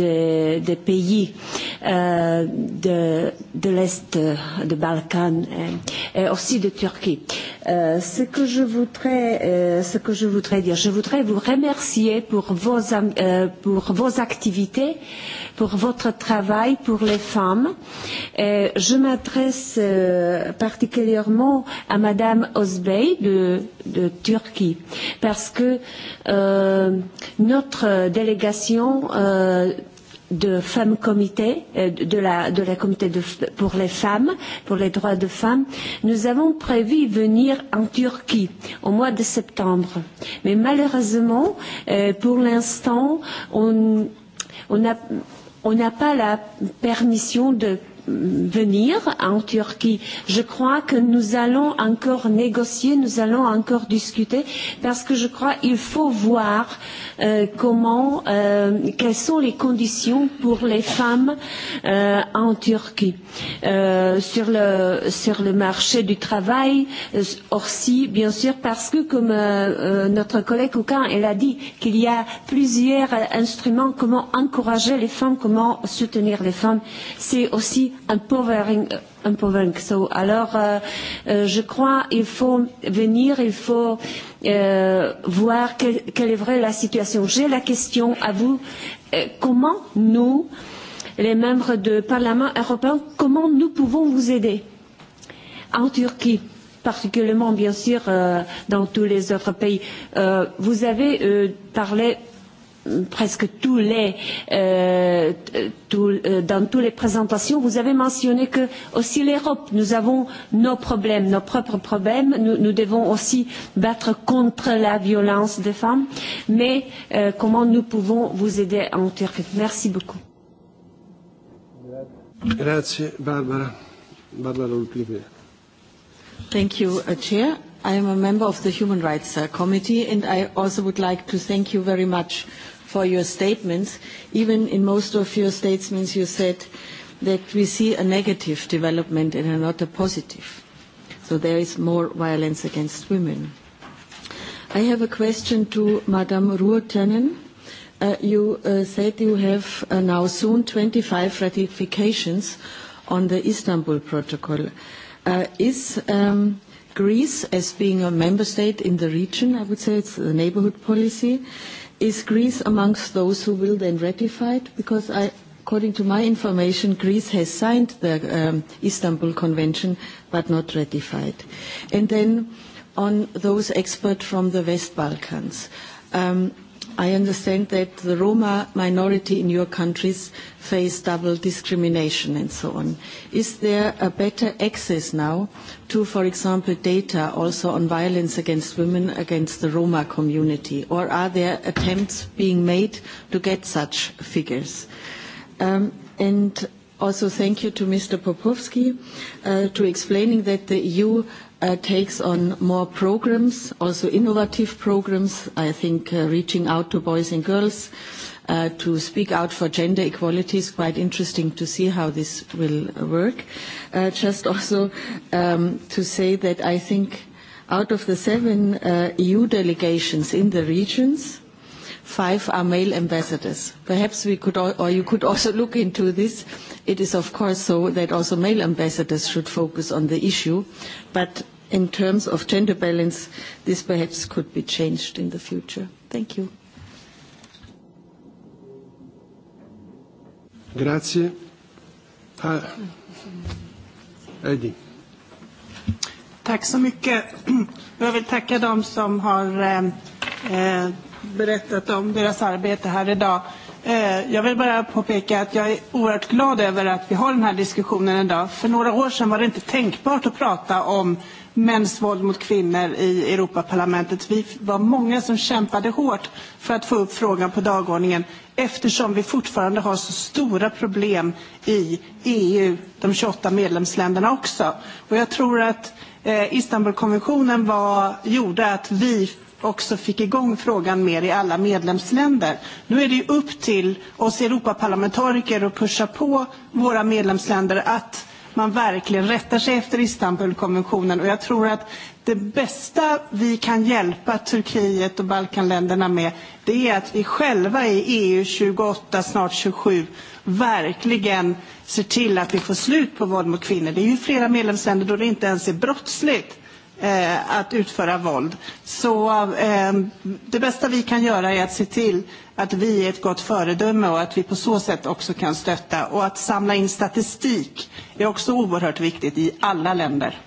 euh, des pays euh, de, de l'Est, euh, de Balkan euh, et aussi de Turquie. Euh, ce, que je voudrais, euh, ce que je voudrais dire, je voudrais vous remercier pour vos, euh, pour vos activités pour votre travail pour les femmes. Et euh, je m'adresse euh, particulièrement à Madame Osbey de, de Turquie, parce que euh, notre délégation euh, de femmes comité euh, de la, de la comité de, pour les femmes, pour les droits de femmes, nous avons prévu venir en Turquie au mois de septembre. Mais malheureusement, euh, pour l'instant, on, on a on n'a pas la permission de venir en Turquie. Je crois que nous allons encore négocier, nous allons encore discuter, parce que je crois qu'il faut voir euh, comment, euh, quelles sont les conditions pour les femmes euh, en Turquie. Euh, sur, le, sur le marché du travail euh, aussi, bien sûr, parce que, comme euh, euh, notre collègue Oukan, elle a dit qu'il y a plusieurs instruments, comment encourager les femmes, comment soutenir les femmes. C'est aussi empowering. empowering. So, alors, euh, euh, je crois qu'il faut venir, il faut euh, voir que, quelle est vraie la situation. J'ai la question à vous. Euh, comment nous, les membres du Parlement européen, comment nous pouvons vous aider en Turquie particulièrement bien sûr euh, dans tous les autres pays. Euh, vous avez euh, parlé presque tous les, euh, tout, euh, dans toutes les présentations, vous avez mentionné que aussi l'Europe, nous avons nos problèmes, nos propres problèmes. Nous, nous devons aussi battre contre la violence des femmes. Mais euh, comment nous pouvons vous aider en Turquie Merci beaucoup. Merci, Barbara. Barbara Ulpime. Thank you, uh, Chair. I am a member of the Human Rights uh, Committee and I also would like to thank you very much for your statements. Even in most of your statements you said that we see a negative development and not a positive. So there is more violence against women. I have a question to Madame Ruotanen. Uh, you uh, said you have uh, now soon 25 ratifications on the Istanbul Protocol. Uh, is um, Greece, as being a member state in the region, I would say it's the neighborhood policy, is Greece amongst those who will then ratify it? Because I, according to my information, Greece has signed the um, Istanbul Convention but not ratified. And then on those experts from the West Balkans. Um, I understand that the Roma minority in your countries face double discrimination and so on. Is there a better access now to, for example, data also on violence against women against the Roma community? Or are there attempts being made to get such figures? Um, and also thank you to Mr. Popovsky uh, to explaining that the EU uh, takes on more programs, also innovative programs, I think uh, reaching out to boys and girls uh, to speak out for gender equality is quite interesting to see how this will work. Uh, just also um, to say that I think out of the seven uh, EU delegations in the regions, five are male ambassadors. Perhaps we could, or you could also look into this. It is of course so that also male ambassadors should focus on the issue, but in terms of gender balance, this perhaps could be changed in the future. Thank you. Grazie. Ah. Eddie. Tack så mycket. *clears throat* Jag vill tacka dem som har eh, eh berättat om deras arbete här idag. Eh, jag vill bara påpeka att jag är oerhört glad över att vi har den här diskussionen idag. För några år sedan var det inte tänkbart att prata om mäns våld mot kvinnor i Europaparlamentet. Vi var många som kämpade hårt för att få upp frågan på dagordningen eftersom vi fortfarande har så stora problem i EU, de 28 medlemsländerna också. Och jag tror att eh, Istanbulkonventionen var, gjorde att vi också fick igång frågan mer i alla medlemsländer. Nu är det upp till oss Europaparlamentariker att pusha på våra medlemsländer att man verkligen rättar sig efter Istanbulkonventionen. Och jag tror att det bästa vi kan hjälpa Turkiet och Balkanländerna med det är att vi själva i EU 28, snart 27 verkligen ser till att vi får slut på våld mot kvinnor. Det är ju flera medlemsländer då det inte ens är brottsligt eh, att utföra våld. Så eh, det bästa vi kan göra är att se till att vi är ett gott föredöme och att vi på så sätt också kan stötta. Och att samla in statistik är också oerhört viktigt i alla länder.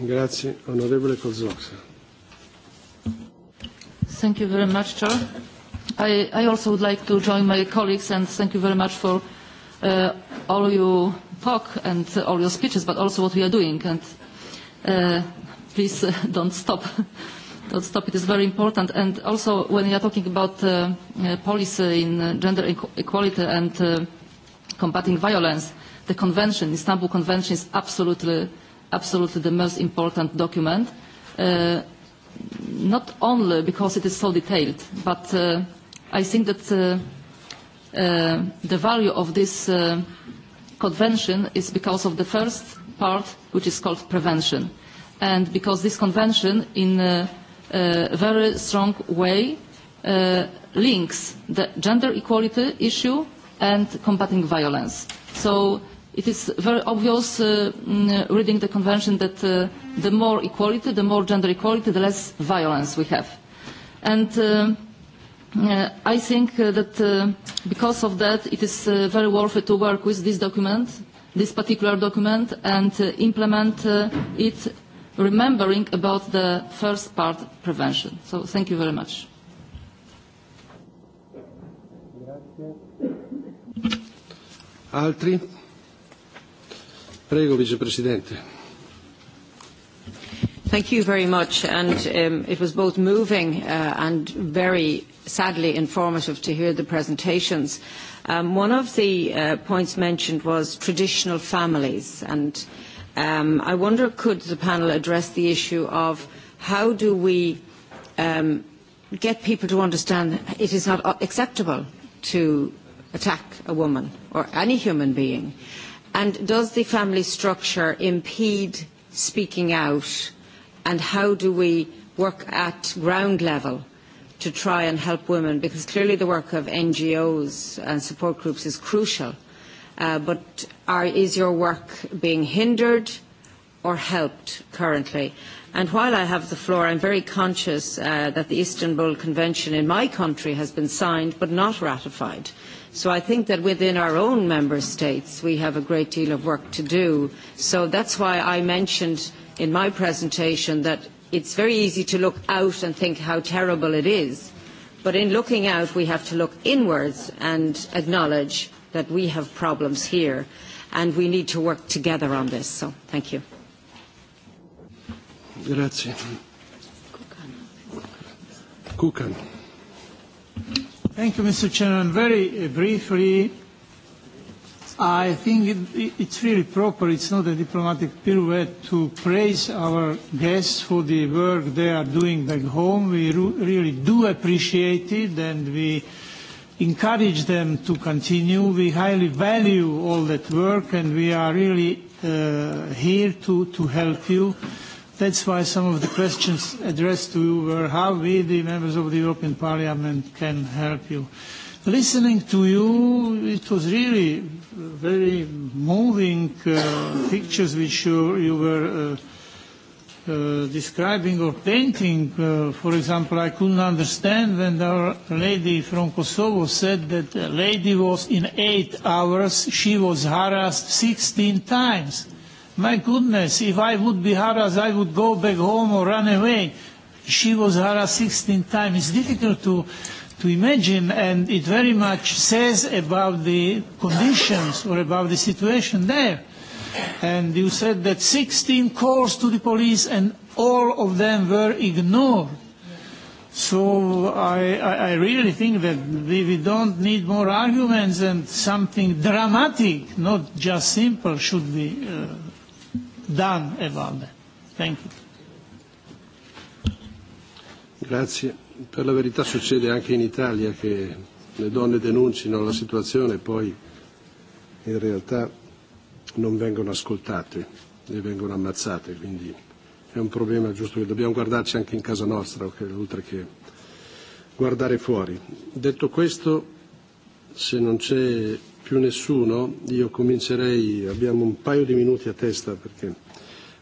Grazie, onorevole Kozlowska. Thank you very much, Chair. I, I also would like to join my colleagues and thank you very much for uh, all your talk and uh, all your speeches, but also what we are doing. And uh, please uh, *laughs* don't stop. *laughs* don't stop. It is very important. And also when you are talking about uh, uh, policy in uh, gender e equality and uh, combating violence, the convention, Istanbul Convention, is absolutely, absolutely the most important document. Uh, not only because it is so detailed, but uh, I think that uh, Uh, the value of this uh, convention is because of the first part, which is called prevention. And because this convention, in a, a very strong way, uh, links the gender equality issue and combating violence. So it is very obvious uh, mm, reading the convention that uh, the more equality, the more gender equality, the less violence we have. And uh, Uh, I think uh, that uh, because of that, it is uh, very worth it to work with this document, this particular document, and uh, implement uh, it remembering about the first part, prevention. So thank you very much. Altri? Prego, Vicepresidente. Thank you very much. And um, it was both moving uh, and very sadly informative to hear the presentations. Um, one of the uh, points mentioned was traditional families, and um, I wonder could the panel address the issue of how do we um, get people to understand it is not acceptable to attack a woman or any human being? And does the family structure impede speaking out? And how do we work at ground level to try and help women because clearly the work of NGOs and support groups is crucial. Uh, but are, is your work being hindered or helped currently? And while I have the floor, I'm very conscious uh, that the Istanbul Convention in my country has been signed but not ratified. So I think that within our own member states, we have a great deal of work to do. So that's why I mentioned in my presentation that it's very easy to look out and think how terrible it is. But in looking out, we have to look inwards and acknowledge that we have problems here and we need to work together on this. So thank you. Grazie. Kukan. Thank you, Mr. Chairman. Very uh, briefly, I think it, it's really proper, it's not a diplomatic pirouette to praise our guests for the work they are doing back home. We really do appreciate it and we encourage them to continue. We highly value all that work and we are really uh, here to, to help you. That's why some of the questions addressed to you were how we, the members of the European Parliament, can help you. Listening to you, it was really very moving uh, pictures which you, you were uh, uh, describing or painting. Uh, for example, I couldn't understand when our lady from Kosovo said that a lady was in eight hours, she was harassed 16 times. My goodness, if I would be harassed, I would go back home or run away. She was harassed 16 times. It's difficult to to imagine, and it very much says about the conditions or about the situation there. And you said that 16 calls to the police and all of them were ignored. So I, I, I really think that we, we don't need more arguments and something dramatic, not just simple, should be uh, done about that. Thank you. Grazie per la verità succede anche in Italia che le donne denunciano la situazione e poi in realtà non vengono ascoltate e vengono ammazzate, quindi è un problema giusto che dobbiamo guardarci anche in casa nostra, oltre che guardare fuori. Detto questo, se non c'è più nessuno, io comincerei, abbiamo un paio di minuti a testa, perché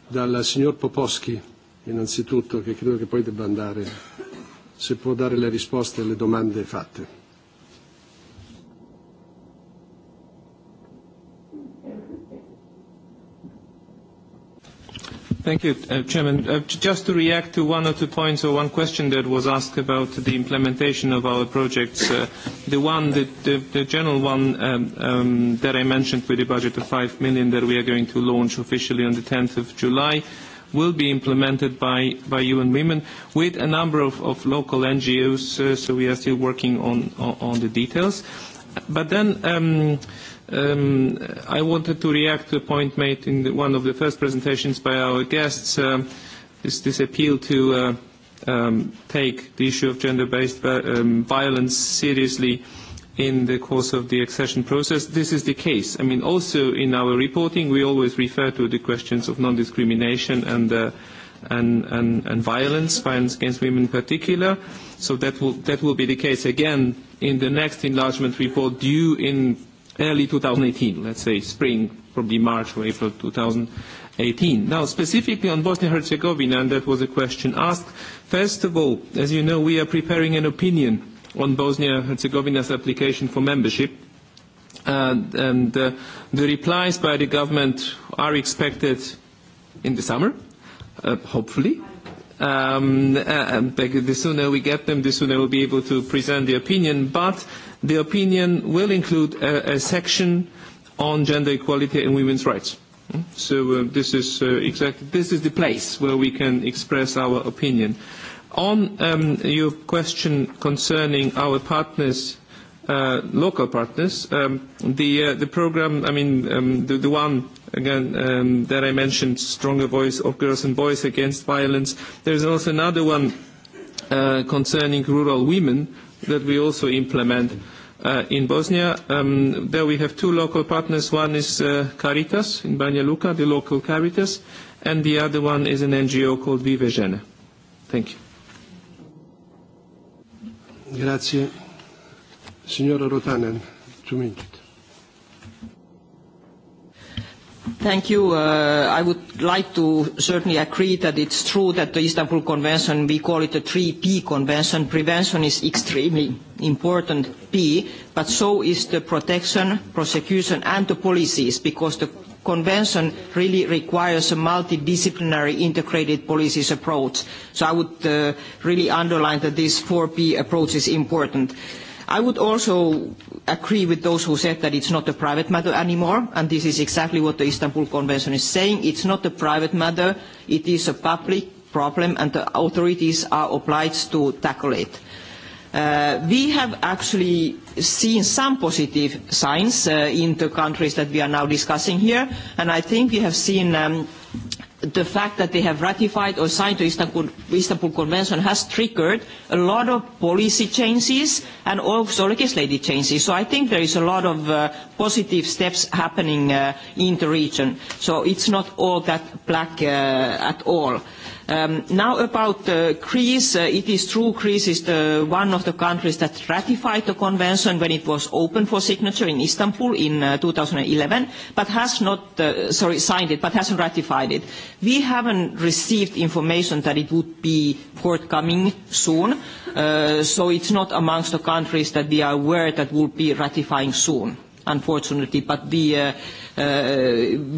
dal signor Poposchi innanzitutto, che credo che poi debba andare se può dare le risposte alle domande fatte. Thank you, uh, Chairman. Uh, just to react to one or two points or one question that was asked about the implementation of our projects, uh, the one, the, the, the general one um, um, that I mentioned with the budget of 5 million that we are going to launch officially on the 10th of July, will be implemented by, by UN Women with a number of, of local NGOs, uh, so we are still working on, on, on the details. But then um, um, I wanted to react to a point made in the, one of the first presentations by our guests, um, this, this appeal to uh, um, take the issue of gender-based um, violence seriously uh, in the course of the accession process. This is the case. I mean, also in our reporting, we always refer to the questions of non-discrimination and, uh, and, and, and violence, violence against women in particular. So that will, that will be the case again in the next enlargement report due in early 2018, let's say spring, probably March or April 2018. Now, specifically on Bosnia-Herzegovina, and that was a question asked, first of all, as you know, we are preparing an opinion on Bosnia-Herzegovina's application for membership. And, and uh, the replies by the government are expected in the summer, uh, hopefully. Um, uh, and the sooner we get them, the sooner we'll be able to present the opinion. But the opinion will include a, a section on gender equality and women's rights. Hmm? So uh, this is uh, exactly this is the place where we can express our opinion. On um, your question concerning our partners, uh, local partners, um, the, uh, the program, I mean, um, the, the one again um, that I mentioned, Stronger Voice of Girls and Boys Against Violence, there's also another one uh, concerning rural women that we also implement. Uh, in Bosnia. Um, there we have two local partners. One is uh, Caritas in Banja Luka, the local Caritas, and the other one is an NGO called Vive Gene. Thank you. Grazie. Signora Rotanen, two minutes. Thank you. Uh, I would like to certainly agree that it's true that the Istanbul Convention, we call it the 3P Convention, prevention is extremely important P, but so is the protection, prosecution and the policies because the convention really requires a multidisciplinary integrated policies approach. So I would uh, really underline that this 4P approach is important. I would also agree with those who said that it's not a private matter anymore, and this is exactly what the Istanbul Convention is saying. It's not a private matter, it is a public problem, and the authorities are obliged to tackle it. Uh, we have actually seen some positive signs uh, in the countries that we are now discussing here, and I think we have seen um, the fact that they have ratified or signed the Istanbul, Istanbul Convention has triggered a lot of policy changes and also legislative changes. So I think there is a lot of uh, positive steps happening uh, in the region. So it's not all that black uh, at all. Um, now about uh, Greece, uh, it is true Greece is the, one of the countries that ratified the convention when it was open for signature in Istanbul in uh, 2011, but has not, uh, sorry, signed it, but hasn't ratified it. We haven't received information that it would be forthcoming soon, uh, so it's not amongst the countries that we are aware that will be ratifying soon unfortunately, but the, uh, uh,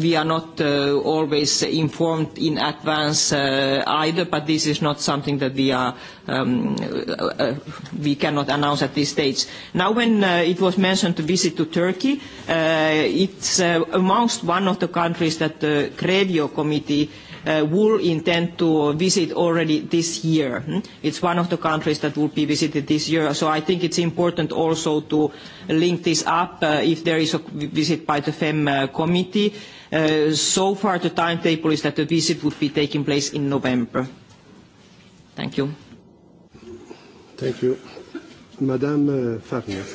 we are not uh, always informed in advance uh, either, but this is not something that we, are, um, uh, uh, we cannot announce at this stage. Now when uh, it was mentioned to visit to Turkey, uh, it's uh, amongst one of the countries that the CREDIO Committee uh, uh, will intend to visit already this year. Hmm? It's one of the countries that will be visited this year. So I think it's important also to link this up uh, if there is a visit by the FEM uh, committee. Uh, so far the timetable is that the visit would be taking place in November. Thank you. Thank you. Madame uh, Farnier.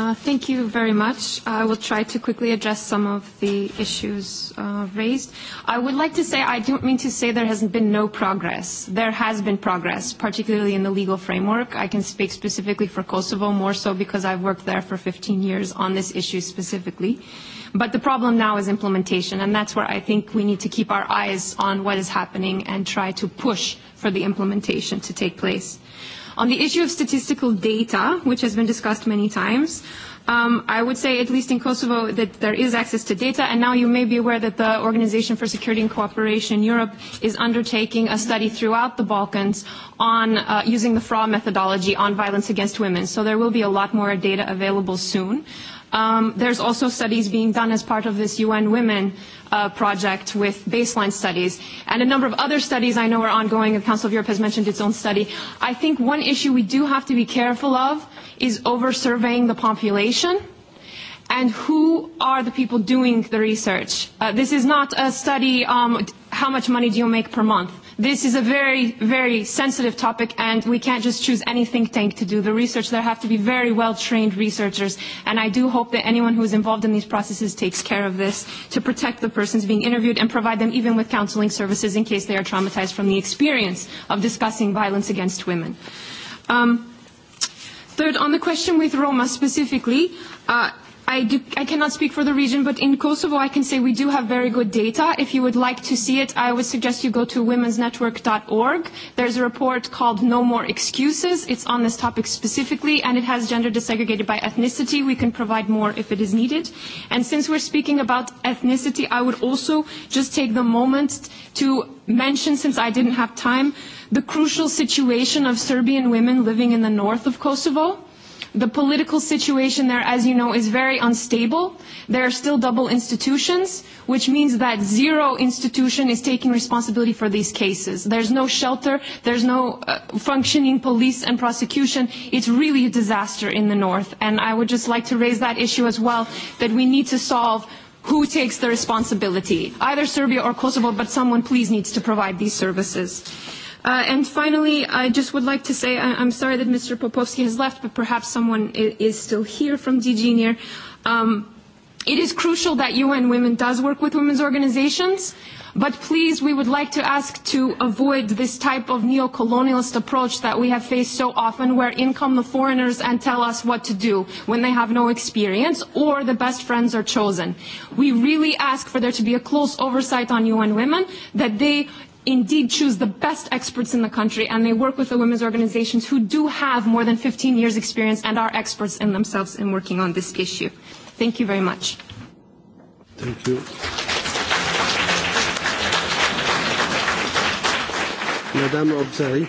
Uh, thank you very much. I will try to quickly address some of the issues uh, raised. I would like to say I don't mean to say there hasn't been no progress. There has been progress, particularly in the legal framework. I can speak specifically for Kosovo, more so because I've worked there for 15 years on this issue specifically. But the problem now is implementation, and that's where I think we need to keep our eyes on what is happening and try to push for the implementation to take place. On the issue of statistical data, which has been discussed many times, um, I would say, at least in Kosovo, that there is access to data. And now you may be aware that the Organization for Security and Cooperation in Europe is undertaking a study throughout the Balkans on uh, using the fraud methodology on violence against women. So there will be a lot more data available soon. Um, there's also studies being done as part of this UN Women uh, project with baseline studies. And a number of other studies I know are ongoing. The Council of Europe has mentioned its own study. I think one issue we do have to be careful of is over-surveying the population and who are the people doing the research. Uh, this is not a study, um, how much money do you make per month? this is a very, very sensitive topic and we can't just choose any think tank to do the research. There have to be very well-trained researchers and I do hope that anyone who is involved in these processes takes care of this to protect the persons being interviewed and provide them even with counseling services in case they are traumatized from the experience of discussing violence against women. Um, third, on the question with Roma specifically, uh, I, do, I cannot speak for the region, but in Kosovo I can say we do have very good data. If you would like to see it, I would suggest you go to womensnetwork.org. There's a report called No More Excuses. It's on this topic specifically, and it has gender desegregated by ethnicity. We can provide more if it is needed. And since we're speaking about ethnicity, I would also just take the moment to mention, since I didn't have time, the crucial situation of Serbian women living in the north of Kosovo. The political situation there, as you know, is very unstable. There are still double institutions, which means that zero institution is taking responsibility for these cases. There's no shelter, there's no uh, functioning police and prosecution. It's really a disaster in the north. And I would just like to raise that issue as well, that we need to solve who takes the responsibility, either Serbia or Kosovo, but someone please needs to provide these services. Uh, and finally, I just would like to say I I'm sorry that Mr. Popovsky has left, but perhaps someone is still here from Near. Um, it is crucial that UN Women does work with women's organizations, but please, we would like to ask to avoid this type of neo-colonialist approach that we have faced so often, where in come the foreigners and tell us what to do when they have no experience or the best friends are chosen. We really ask for there to be a close oversight on UN Women, that they indeed choose the best experts in the country and they work with the women's organizations who do have more than 15 years experience and are experts in themselves in working on this issue. Thank you very much. Thank you. Madame Obzari.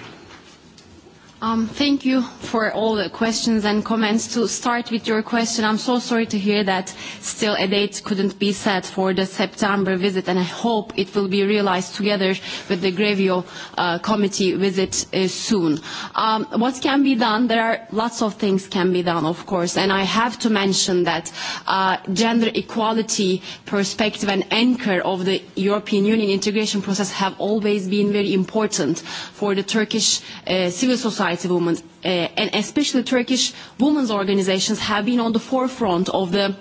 Um, thank you for all the questions and comments. To start with your question, I'm so sorry to hear that still a date couldn't be set for the September visit, and I hope it will be realized together with the Grevio uh, committee visit uh, soon. Um, what can be done? There are lots of things can be done, of course, and I have to mention that uh, gender equality perspective and anchor of the European Union integration process have always been very important for the Turkish uh, civil society rights of women, uh, and especially Turkish women's organizations, have been on the forefront of the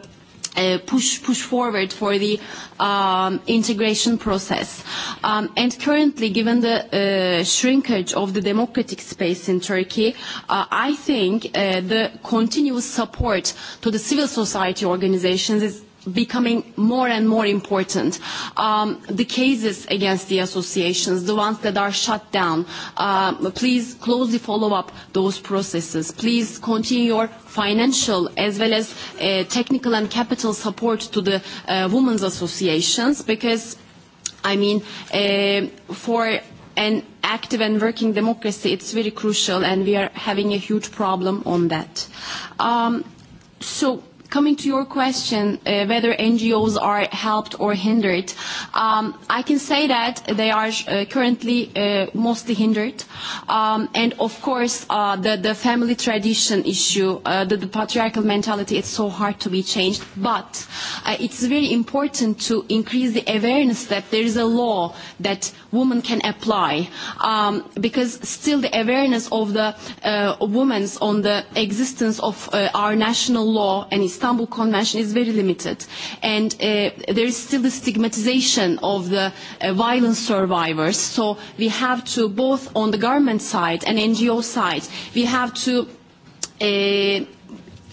uh, push push forward for the um, integration process. Um, and currently, given the uh, shrinkage of the democratic space in Turkey, uh, I think uh, the continuous support to the civil society organizations is becoming more and more important. Um, the cases against the associations, the ones that are shut down, uh, please closely follow up those processes. Please continue your financial as well as uh, technical and capital support to the uh, women's associations because, I mean, uh, for an active and working democracy, it's very crucial and we are having a huge problem on that. Um, so coming to your question, uh, whether NGOs are helped or hindered, um, I can say that they are uh, currently uh, mostly hindered. Um, and of course, uh, the, the family tradition issue, uh, the, the patriarchal mentality, it's so hard to be changed. But uh, it's very important to increase the awareness that there is a law that women can apply. Um, because still the awareness of the uh, women's on the existence of uh, our national law and its Istanbul Convention is very limited. And uh, there is still the stigmatization of the uh, violence survivors. So we have to, both on the government side and NGO side, we have to uh,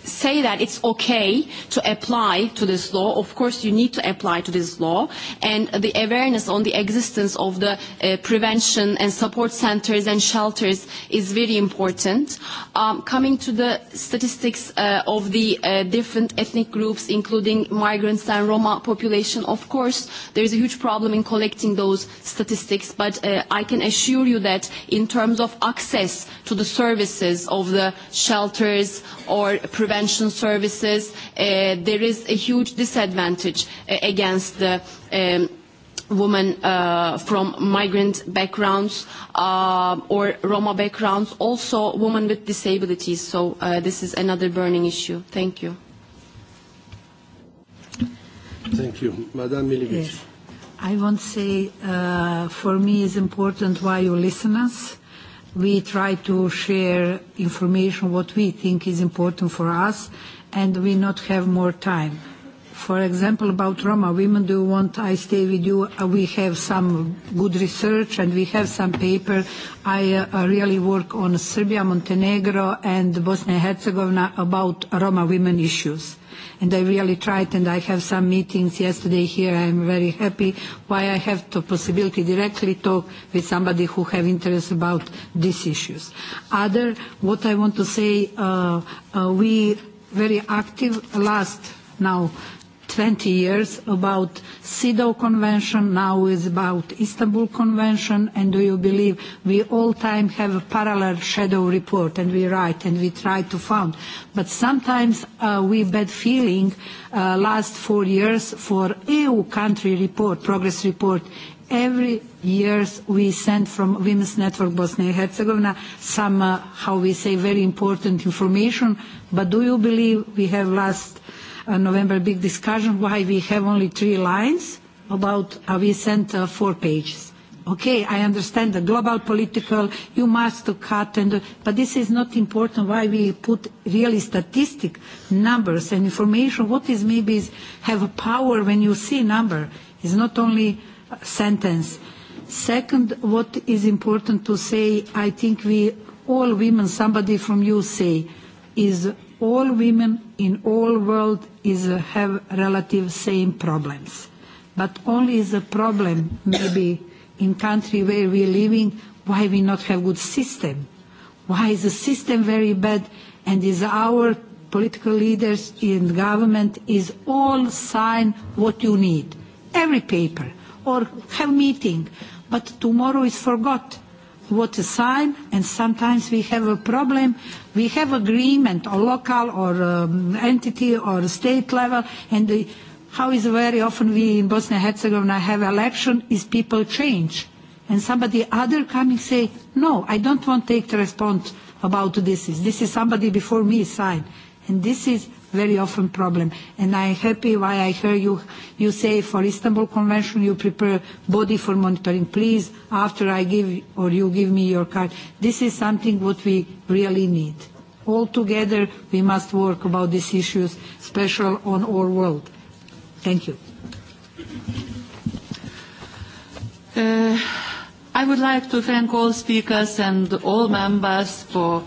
say that it's okay to apply to this law. Of course, you need to apply to this law. And the awareness on the existence of the uh, prevention and support centers and shelters is very important. Um, coming to the statistics uh, of the uh, different ethnic groups, including migrants and Roma population, of course, there is a huge problem in collecting those statistics. But uh, I can assure you that in terms of access to the services of the shelters or prevention, pension services, uh, there is a huge disadvantage uh, against the um, women uh, from migrant backgrounds uh, or Roma backgrounds, also women with disabilities. So uh, this is another burning issue. Thank you. Thank you. Madame Milivic. Yes. I want to say uh, for me it's important why you listen us we try to share information what we think is important for us and we not have more time. For example, about Roma women, do you want I stay with you? Uh, we have some good research and we have some paper. I uh, really work on Serbia, Montenegro and Bosnia-Herzegovina about Roma women issues and I really tried and I have some meetings yesterday here. I am very happy why I have the possibility directly talk with somebody who have interest about these issues. Other, what I want to say, uh, uh, we very active last now 20 years about CEDAW Convention, now is about Istanbul Convention, and do you believe we all time have a parallel shadow report and we write and we try to found. But sometimes uh, we bad feeling uh, last four years for EU country report, progress report, every years we send from Women's Network Bosnia and Herzegovina some, uh, how we say, very important information. But do you believe we have last uh, November big discussion why we have only three lines about how we sent uh, four pages. Okay, I understand the global political, you must to cut, and, but this is not important why we put really statistic numbers and information. What is maybe is have a power when you see number. It's not only a sentence. Second, what is important to say, I think we, all women, somebody from you say, is all women in all world is, uh, have relative same problems. But only is a problem maybe in country where we are living why we not have good system. Why is the system very bad and is our political leaders in government is all sign what you need. Every paper or have meeting. But tomorrow is forgotten what a sign, and sometimes we have a problem. We have agreement or local or um, entity or state level, and the, how is very often we in Bosnia and Herzegovina have election is people change. And somebody other coming say, no, I don't want to take the response about this. This is somebody before me sign. And this is very often problem. And I am happy why I hear you, you say for Istanbul Convention you prepare body for monitoring. Please, after I give or you give me your card, this is something what we really need. All together we must work about these issues, special on our world. Thank you. Uh, I would like to thank all speakers and all members for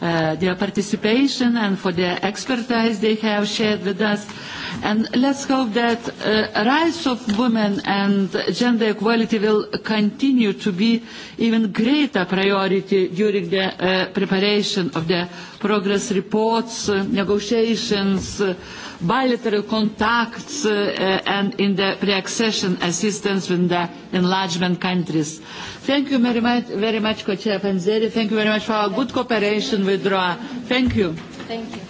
uh, their participation and for their expertise they have shared with us. And let's hope that uh, rights of women and gender equality will continue to be even greater priority during the uh, preparation of the progress reports, uh, negotiations, uh, bilateral contacts uh, uh, and in the pre-accession assistance with the enlargement countries. Thank you very much, very much Co-Chair Panzeri. Thank you very much for our good cooperation with ROA. Thank you. Thank you.